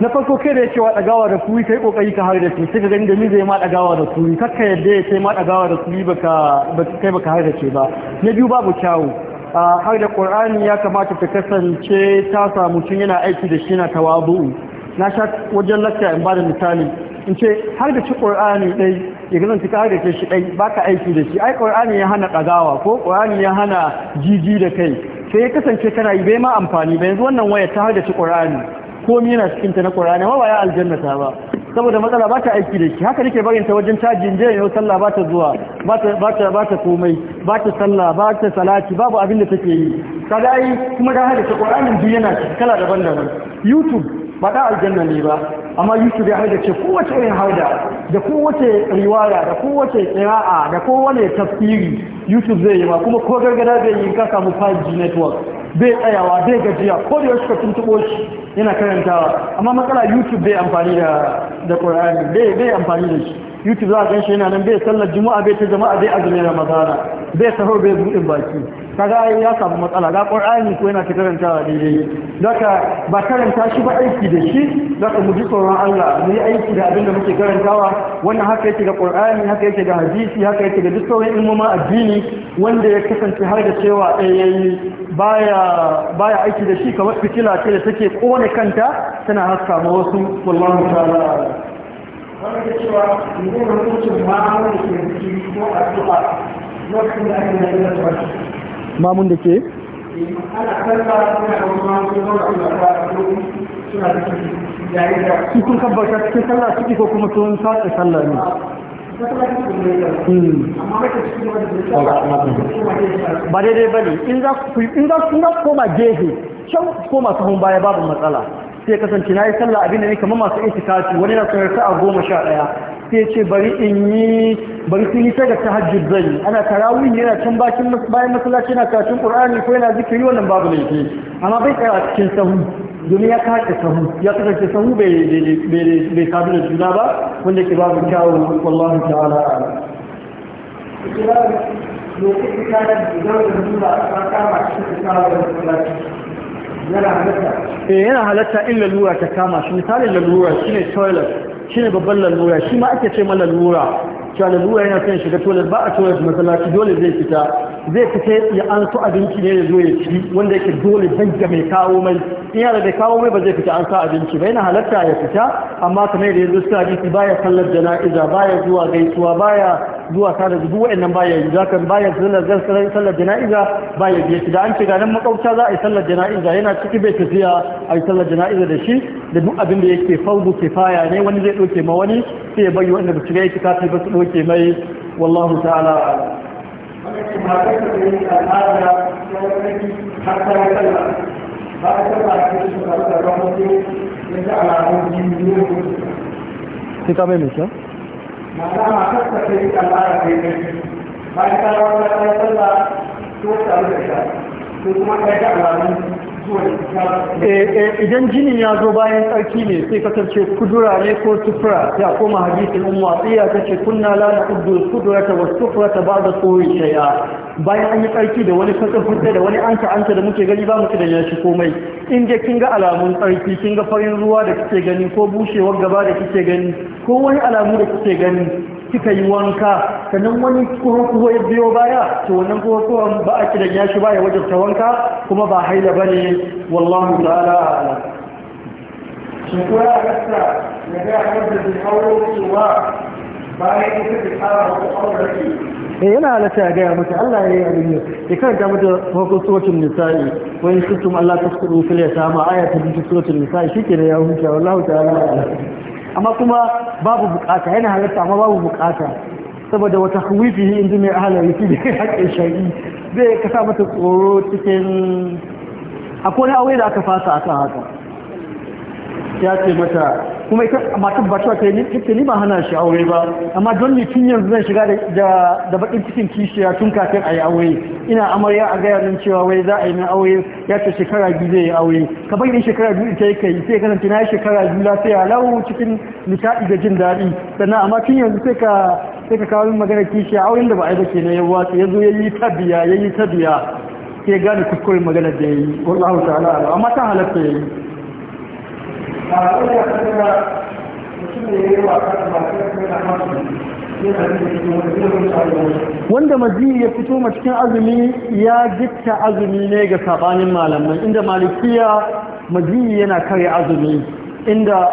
na farko kai da ya ce cewa ɗagawa da kuri kai ƙoƙari ka har da shi sai ka gani da zai ma ɗagawa da kuri kakka yadda ya sai ma ɗagawa da kuri kai baka har da ce ba na biyu babu kyawu har da ƙorani ya kamata ta kasance ta samu cin yana aiki da shi na tawabu na sha wajen lakta in bada misali in ce har da ci ƙorani ɗai ya gazan cika har da ke shi ɗai baka aiki da shi ai ƙorani ya hana ɗagawa ko ƙorani ya hana jiji da kai sai ya kasance kana yi bai ma amfani ba yanzu wannan waya ta hada ci ƙorani komi yana cikin ta na ƙorani ma ba ya aljanna ta ba saboda matsala ba ta aiki da shi haka nake barin ta wajen caji inje yau sallah ba ta zuwa ba ta komai ba ta sallah ba ta salati babu abin da take yi kaga ai kuma da hada ci biyu yana kala daban-daban YouTube ba da aljanna ne ba amma yusuf ya haida ce kowace irin haida da kowace riwaya da kowace qira'a da kowane tafsiri yusuf zai yi ba kuma ko gargada zai yi ka samu 5G network bai tsayawa bai gajiya ko da yaushe ka tuntubo shi yana karantawa amma matsala yusuf bai amfani da da bai amfani da shi youtube za a ganshi yana nan bai sallar juma'a bai ta jama'a bai azumin ramadana bai sahur bai buɗin baki kaga ya samu matsala ga qur'ani ko yana ta dai dai daka ba karanta shi ba aiki da shi daka mu ji tsoron Allah mu yi aiki da abin da muke karantawa wannan haka yake ga qur'ani haka yake ga hadisi haka yake ga duk sauran ilmomin addini wanda ya kasance har da cewa ɗaya baya baya aiki da shi kamar fitila ce da take kone kanta tana haska ma wasu wallahi ta'ala wani da cewa ne ne mamun da ke ko lokacin da ake na da ke ana suna da da suna da su kun kabbata cikin sallah suke ko kuma sun sace sallah ne ba daidai ba ne in za su koma gefe can koma sahun baya babu matsala sai kasance na yi sallah abin da ne kamar masu itikafi wani na tsarka a goma sha ɗaya sai ce bari in yi bari sun yi ta ga tahajjud zai ana tarawih ne yana can bakin bayan masallaci yana tashin qur'ani ko yana zikiri wannan babu laifi amma bai tsaya a cikin sahu domin ya kaɗe sahu ya kasance sahu bai sabu da juna ba wanda ke babu kyawun wallahu ta'ala a'lam lokacin da idan da zuwa a kama cikin kawo da masallaci Eh, yana halatta in lalura ta kama shi misalin lalura shine toilet shine babban lalura shi ma ake ce ma lalura cewa lalura yana son shiga toilet ba a toilet masallaci dole zai fita zai fita ya an su abinci ne ya zo ya ci wanda yake dole danja mai kawo mai in yana da kawo mai ba zai fita an sa abinci ba yana halatta ya fita amma kamar da yanzu suka hadisi baya sallar jana'iza baya zuwa gaisuwa baya zuwa sada zubu wa'annan baya yi zaka baya sallar sallar jana'iza baya biye shi da an ce ganin makauta za a yi sallar jana'iza yana ciki bai tafiya a yi sallar jana'iza da shi da duk abin da yake ke faya ne wani zai ɗauke ma wani sai ya bayyana da su ga yake kafi ba su ɗauke mai wallahu ta'ala Cumarda Kudeni Alhada Kudeni Hakkara Kalla Bahasa Bahasa Sumatera Rahmati Minta Alamu Jindu Kitabnya Misa Maka masuk terjadi antara diri Baik kalau kita telah Tuhan selalu besar Itu cuma beda alamu Eh, eh, idan jinin ya zo bayan tsarki ne sai kasance kudura ne ko sufura ya koma hadisin umma tsaye ta ce kunna la na kudura ta wasu sufura ta ba da tsohon shaya bayan an yi tsarki da wani fasin da wani anta anta da muke gani ba muke da ya shi komai in dai kin ga alamun tsarki kin ga farin ruwa da kike gani ko bushewar gaba da kike gani ko wani alamu da kike gani kika yi wanka sannan wani kurkuwa ya biyo baya to wannan kuma ba a kidan ya shi baya wajabta wanka kuma ba haila bane wallahu ta'ala Shin shi ko ya rasa ya ga wanda zai hauro cewa bayan ita ta tsara wata aure eh, da yana halatta ya gaya mata Allah ya yi abin yau ya karanta mata farkon suratun nisa'i wani sutum Allah ta sukudu fil ya sama aya ta suratun nisa'i shi ke da ya huta wallahu ta'ala amma kuma babu bukata yana halatta amma babu bukata saboda wata huwifi in ji mai ahalari shi da haƙƙin shari'i zai kasa mata tsoro cikin akwai aure da aka fasa akan haka ya ce mata kuma ita matan ba ta ni ita ni ba hana shi aure ba amma don ni tun yanzu zan shiga da da bakin cikin kishiya tun kafin a yi aure ina amarya a gaya min cewa wai za a yi min aure ya ta shekara biyu zai yi aure ka bayyana shekara biyu ita yake yi sai kana tuna shekara biyu sai lau cikin nishaɗi da jin daɗi sannan amma tun yanzu sai ka sai ka kawo magana kishiya auren da ba a yi ba kenan ya watsa ya zo ya yi tabiya ya yi tabiya sai gane kuskuren magana da ya yi wallahu ta'ala amma ta halatta ya yi wanda mazi ya fito ma cikin azumi ya gitta azumi ne ga sabanin malamai, inda malikiya mazi yana kare azumi inda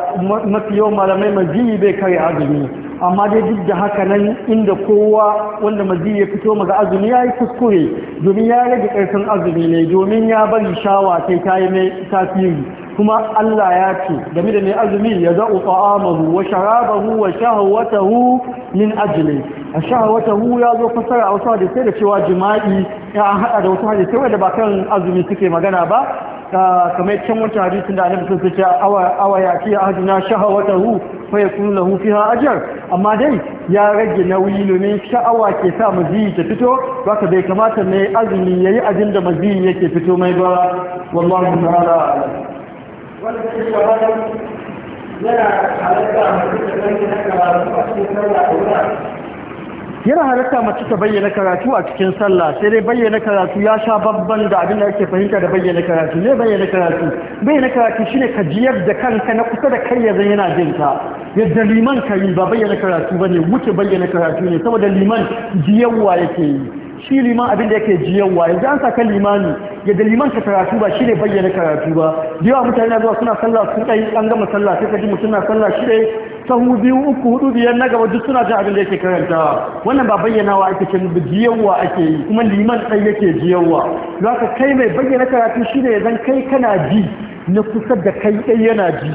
mafi yawan malamai mazi bai kare azumi amma dai duk da haka nan inda kowa wanda mazi ya fito ma ga azumi ya yi kuskure domin ya rage ƙarfin azumi ne domin ya bari shawa sai ta yi mai tasiri kuma Allah ya ce game da mai azumi ya za'u ta'amahu wa sharabahu wa shahawatahu min ajli a shahawatahu ya zo fasara a wasu hadisai da cewa jima'i ya an hada da wasu hadisai wanda ba kan azumi suke magana ba kamar can wancan hadisin da annabi sun ce awa ya ce ahadina shahawatahu fa yakun lahu fiha ajr amma dai ya rage nauyi domin sha'awa ke sa maziyi ta fito baka bai kamata mai azumi yayi ajin da maziyi yake fito mai ba wallahi ta'ala wanda yana halatta mace ta bayyana karatu a cikin sallah yana halatta mace ta bayyana karatu a cikin sallah sai dai bayyana karatu ya sha babban da abin da ake fahimta da bayyana karatu ne bayyana karatu bayyana karatu shine ka jiyar da kanka na kusa da kai yanzu yana jin ka yadda liman ka yi ba bayyana karatu bane wuce bayyana karatu ne saboda liman jiyarwa yake yi shi liman abin da yake jiyarwa yanzu an saka limani yadda liman ka karatu ba shi ne bayyana karatu ba biyu yawa mutane na zuwa suna sallah su kai an gama sallah sai ka ji mutum na sallah shi ne sahu biyu uku hudu biyar na gaba duk suna jin abin da yake karanta wannan ba bayyanawa ake cin jiyarwa ake yi kuma liman ɗan yake jiyarwa za ka kai mai bayyana karatu shi ne zan kai kana ji na kusa da kai ɗaya yana ji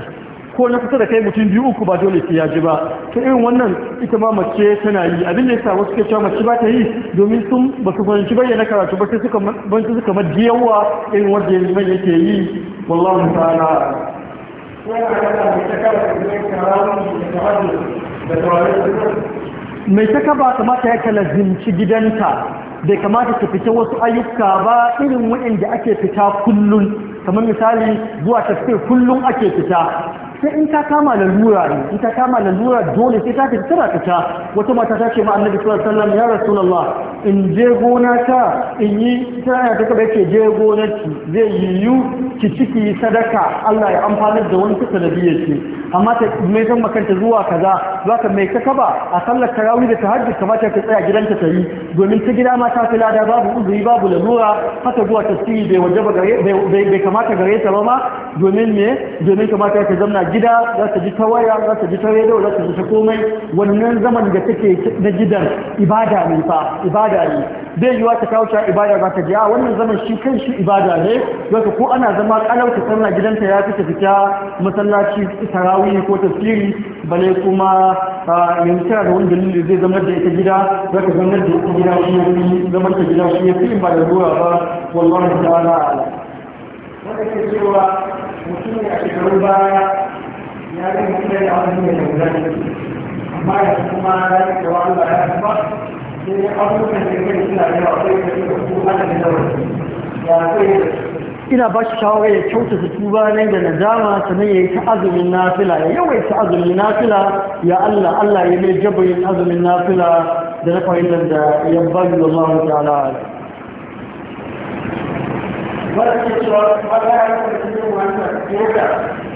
ko na kusa da kai mutum biyu uku ba dole sai ya ji ba ta irin wannan ita ma mace tana yi abin da yasa wasu ke cewa mace ba ta yi domin sun ba su fahimci bayyana karatu ba sai suka ban su suka maji yawa irin wanda yanzu mai yake yi wallahu ta'ala mai ta kaba kamata ya kalazimci gidanta bai kamata ta fita wasu ayyuka ba irin waɗanda ake fita kullum kamar misali zuwa tafsir kullum ake fita sai in ta kama lalura ne in ka kama lalura dole sai ta fi tara ka ta wata mata ta ce ma annabi sallallahu alaihi wasallam ya rasulullah in je gona ta in yi tana ta kaba yake je gona ki zai yi yiwu ki ciki sadaka Allah ya amfana da wani kusa da biye ki amma ta mai san makanta zuwa kaza zaka mai ka kaba a sallar tarawih da tahajjud kamata ka tsaya gidanta ta yi domin ta gida ma ta fi lada babu uzuri babu lalura haka zuwa tasiri bai wajaba bai kamata gare ta ba ma domin me domin kamata ka zamna gida za ta ji ta waya za ta ji ta rediyo za ta ji ta komai wannan zaman da take na gidan ibada ne fa ibada ne bai yiwa ta kawo ta ibada za ta ji a wannan zaman shi kan shi ibada ne zaka ko ana zama kalau ta sanna gidanta ya fita fita masallaci tarawih ko tafsiri bale kuma yanzu tana da wani dalili zai zama da ita gida za ta zama da ita gida shi yafi zaman ta gida shi fi ba da ruwa ba wallahi ta'ala wanda ke cewa mutum ne a shekarun baya هذه المشكلة الأولية لأولادك أما يحكم على ذلك وعلى لا يكبر إن قبل تنتهي إلى يعطيك الحكومة لدولته يعطيك ina ba shi shawarar ya kyautata tuba ne da nadama sannan ya yi ta azumin nafila ya yawaita azumin nafila ya Allah Allah ya mai jabayin azumin nafila da na fahimtar da ya bari wa Allah ta'ala wanda ke cewa wanda ya yi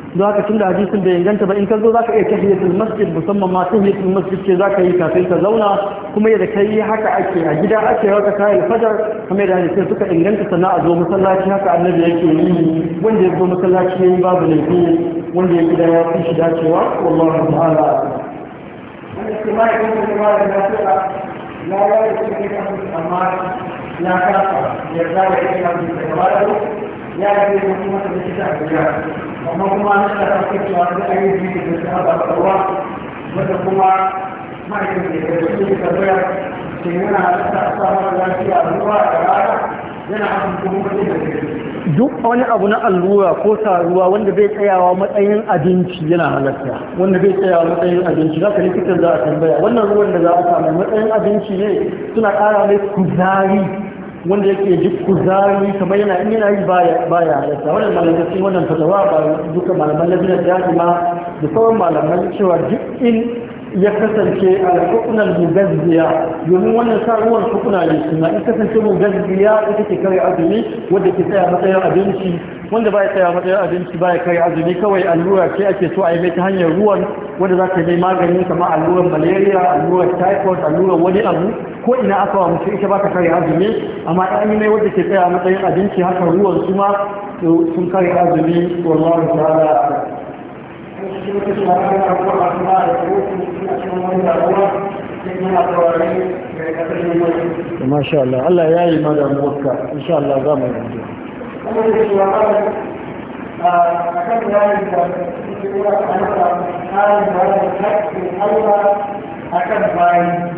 don haka tun da hadisin bai inganta ba in ka zo za ka iya tahiyatul masjid musamman ma tahiyatul masjid ce za ka yi kafin ka zauna kuma yadda ka yi haka ake a gida ake haka kayan fajar kuma yadda hadisin suka inganta sana a zo masallaci haka annabi yake yi wanda ya zo masallaci ya yi babu laifi wanda ya gida ya fi shi dacewa wallahu ta'ala لا يمكن أن da ya ga zai mutu masa da shi ta abuja amma kuma na ta ɗauke cewa da an yi jiki da su haɗa ƙarwa wanda kuma ma'aikin da ya zai da bayar ke yana halatta a sa mara lafiya ruwa da rana yana haɗin kuma wani da ke duk wani abu na allura ko taruwa wanda bai tsayawa matsayin abinci yana halatta wanda bai tsayawa matsayin abinci za ka likitan za a tambaya wannan ruwan da za a samu matsayin abinci ne suna ƙara mai kuzari wanda yake duk kuzari kamar yana in yana yi baya baya halatta wannan malamai wannan fatawa ba duka malaman lafiya da ma da sauran malaman cewa duk in ya kasance al-hukunan mugazziya domin wannan saruwar kukuna ne suna in kasance mugazziya ita ke kare azumi wadda ke tsaya matsayin abinci wanda baya tsaya matsayin abinci baya kare azumi kawai allura ce ake so a yi mai ta hanyar ruwan wanda za ta yi magani kamar allurar malaria allurar typhoid allurar wani abu ko ina aka wa mutum ita baka kare azumi amma an yi mai wadda ke tsaya matsayin abinci haka ruwan su ma sun kare azumi wallahu ta'ala الشرك شرعنا الله أسماء الحروف من أسماء الله ما شاء الله الله يا مدى موكا ان شاء الله زمن أكد باين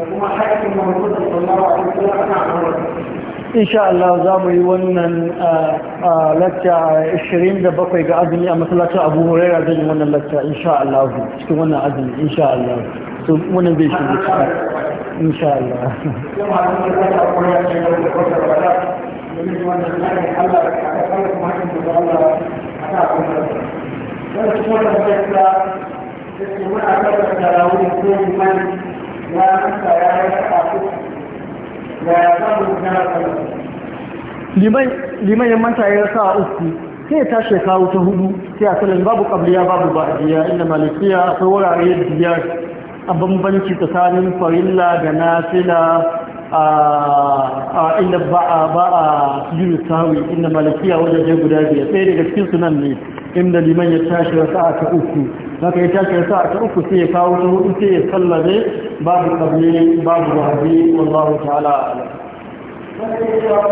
وكما حكم موجود صلى عليه وسلم إن شاء الله زامي ونن آه، آه، لتا شريم دبقى عزمي أما ثلاثة أبو هريرة زي ونن لتا إن شاء الله زي ونن عزمي إن شاء الله زي ونن زي شريم إن شاء الله Jadi mana kita dah tahu ini pun kan, yang saya rasa aku liman ya manta ya sa uku sai ya tashi kawo ta hudu sai a salon babu kabliya babu ba'adiyya inda malikiya akwai wurare biyar a bambanci tsakanin farilla da nafila a inda ba a ba a yi sawi inda malikiya wajen guda biyar sai daga cikin sunan ne inda liman ya tashi rasa ta uku haka ya tashi ya sa a uku sai ya kawo ta hudu sai ya sallabe babu kabli babu wahabi wallahu ta'ala alam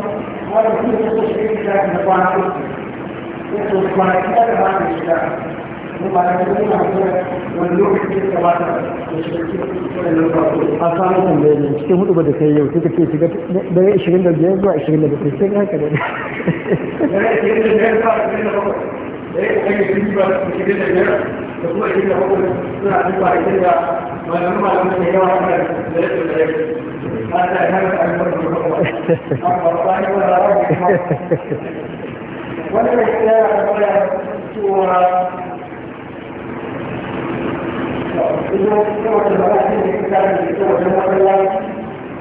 a samun tambaye ne cikin hudu ba da kai yau suka ce shiga dare 25 zuwa 27 sai haka da ne da ya kai shi ba da da biyar da kuma wala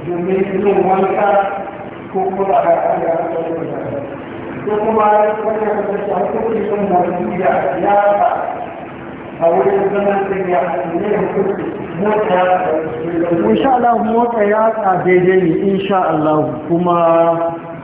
domin yin wanka ko kuma a ga an وكما يتفكر بالشعور ثم النتيجة خلافة أو الزمن الذي يحتمله موتى إن شاء الله موتى يا ديدي إن شاء الله كما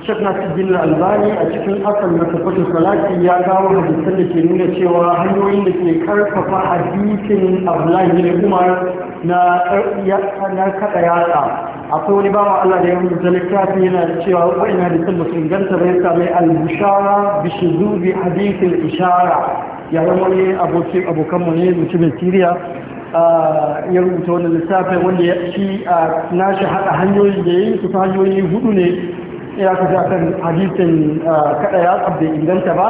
shakna cikin albani a cikin asal na tafatin salati ya kawo hadisan da ke nuna cewa hanyoyin da ke karfafa hadisin abdullahi bin umar na kada yatsa akwai wani bawa Allah da ya rubuta littafi yana da cewa wa'in hadisan da su inganta bai sa mai al-bushara bi shuzubi hadithin ishara yayin wani abokin abokanmu ne mutumin Siriya ya rubuta wannan littafin wanda ya ci na shi haɗa hanyoyi da ya yi su hanyoyi hudu ne ya ka ja kan hadisin ah, kada ya tsabda inganta ba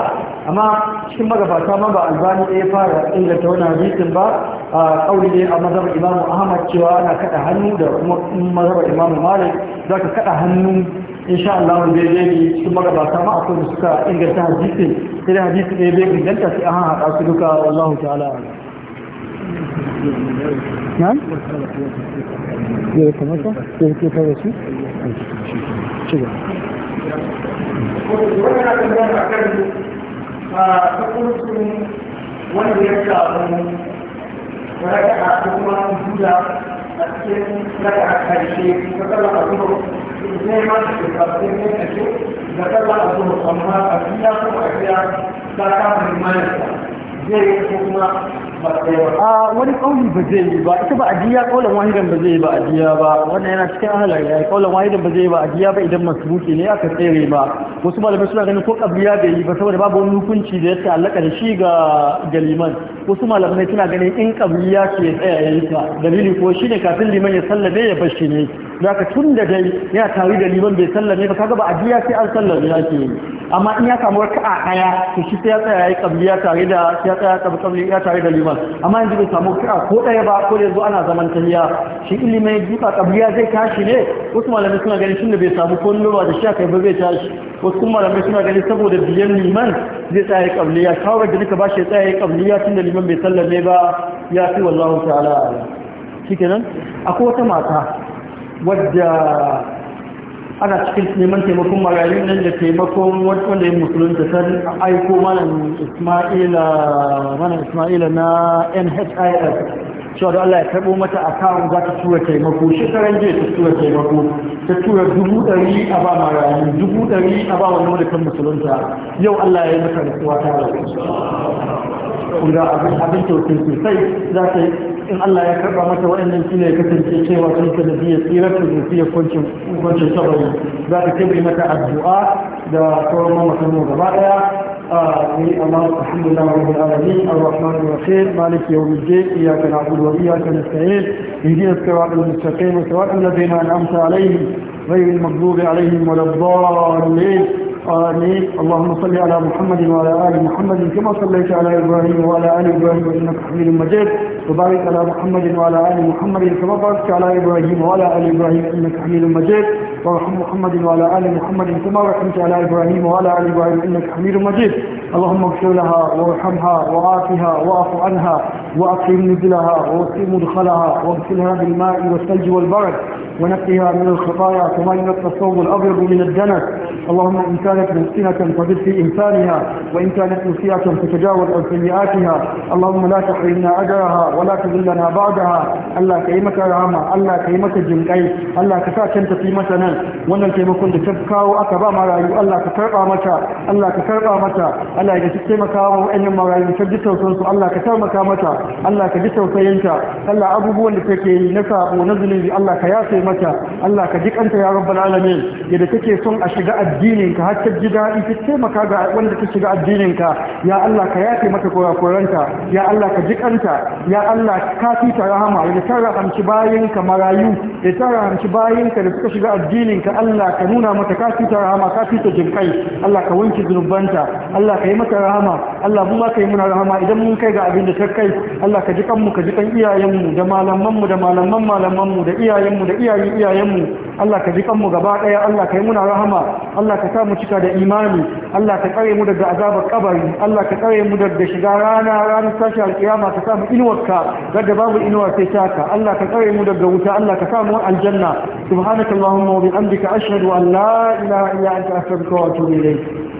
amma cikin magabata ma ba albani ɗaya fara inganta wani hadisin ba a ah, kauli ne a mazhabar imamu ahmad cewa ana kada hannu da kuma mazhabar imamu malik za ka kada hannu insha Allah wanda ya ne cikin magabata ma akwai da suka inganta hadisin sai hadisin ɗaya bai inganta sai an haɗa su duka wallahu ta'ala نعم يتمتع يتمتع وشي شكرا wanda ya samu raka a kuma juda a cikin raka a karshe ta kalla a zuwa zai ma da ke sabbin ne a ce da kalla a zuwa amma a biya ko a biya ta kama limanin zai yi kuma a wani kauli ba zai yi ba ita ba ajiya kaulan wahidan ba zai yi ba ajiya ba wannan yana cikin ahalar ya kaulan wahidan ba zai yi ba ajiya ba idan masruki ne aka tsere ba wasu malamai suna ganin ko kabliya bai yi ba saboda babu wani hukunci da ya ta'allaka da shi ga galiman wasu malamai suna ganin in kabliya ke tsaya ya yi ta dalili ko shi ne kafin liman ya sallame ya bar shi ne zaka tun da dai yana tare da liman bai sallame ba kaga ba ajiya sai an sallame ake yi amma in ya samu raka'a daya to shi sai ya tsaya ya yi kabliya tare da ya tsaya ya tare da liman liman amma yanzu bai samu kira ko daya ba ko yanzu ana zaman tahiya shi ilimin ya jifa kabliya zai tashi ne wasu malamai suna ganin tunda bai samu ko nuna da shi kai ba zai tashi wasu kuma malamai suna ganin saboda biyan liman zai tsaya kabliya shawarar da duka ba shi tsaya tun tunda liman bai sallame ba ya fi wallahu ta'ala shikenan akwai wata mata wadda ana cikin neman taimakon marayun nan da taimakon wanda yin musulunta san aiko malam ismaila malam ismaila na nhis cewa da allah ya karɓo mata a kawo za ta tura taimako shekaran jiya ta tura taimako ta tura dubu ɗari a ba marayu dubu ɗari a ba wani wadakan musulunta yau allah ya yi mata rasuwa ta rasu abin sosai za ta yi in Allah ya karba mata waɗannan shi ne kasance cewa sun ka zafi ya tsira ta zafi ya kwancin sabari za ta kai mata addu'a da sauran mamakan mu gaba ɗaya آمين الحمد لله رب العالمين الرحمن الرحيم مالك يوم الدين إياك نعبد وإياك نستعين اهدنا الصراط المستقيم صراط الذين أنعمت عليهم غير المغضوب عليهم ولا الضالين آمين اللهم صل على محمد وعلى آل محمد كما صليت على إبراهيم وعلى آل إبراهيم إنك حميد مجيد وبارك على محمد وعلى آل محمد كما باركت على إبراهيم وعلى آل إبراهيم إنك حميد مجيد وارحم محمد وعلى آل محمد كما رحمت على إبراهيم وعلى آل إبراهيم إنك حميد مجيد اللهم اغفر لها وارحمها وعافها واعف عنها وأطعم نزلها ووسع مدخلها واغسلها بالماء والثلج والبرد ونقها من الخطايا كما ينقى الثوب الأبيض من الدنس اللهم إن كانت مسكنة فزد في إنسانها وإن كانت مسيئة فتجاوز عن سيئاتها اللهم لا تحرمنا أجرها ولا تذلنا بعدها ألا كيمك رحمة ألا كيمك جنكي ألا كساكن تقيمتنا wannan taimakon da ta kawo aka ba marayu Allah ka karba mata Allah ka karba mata Allah ya taimaka wa wayannan marayu ta ji tausansu Allah ka ji tausayinta Allah abubuwan da take yi na sabo na zunubi Allah ka yafe mata Allah ka ji kanta ya rabbal alamin yadda take son a shiga addinin ka har ta ji daɗi ta taimaka ga wanda ta shiga addinin ka ya Allah ka yafe mata kurakuranta ya Allah ka ji kanta ya Allah ka fi ta rahama Da ta rahamci bayin ka marayu da ta rahamci bayin ka da suka shiga addinin ka Allah ka nuna mata ka fi ta rahama ka fi ta jinkai Allah ka wanke zunubanta Allah ka yi mata rahama Allah mun ba ka yi muna rahama idan mun kai ga abin da ta kai Allah ka ji kanmu ka ji kan iyayenmu da malamanmu da malaman malamanmu da iyayenmu da iyayen iyayenmu Allah ka ji kanmu gaba daya Allah ka yi muna rahama Allah ka sa mu cika da imani Allah ka tsare mu daga azabar kabari Allah ka tsare mu daga shiga rana ranar sashi alkiyama ka sa mu inuwarka gadda babu inuwar sai taka Allah ka tsare mu daga wuta Allah ka sa mu aljanna subhanakallahumma wa bihamdika ashhadu an la ilaha illa anta astaghfiruka wa atubu ilayk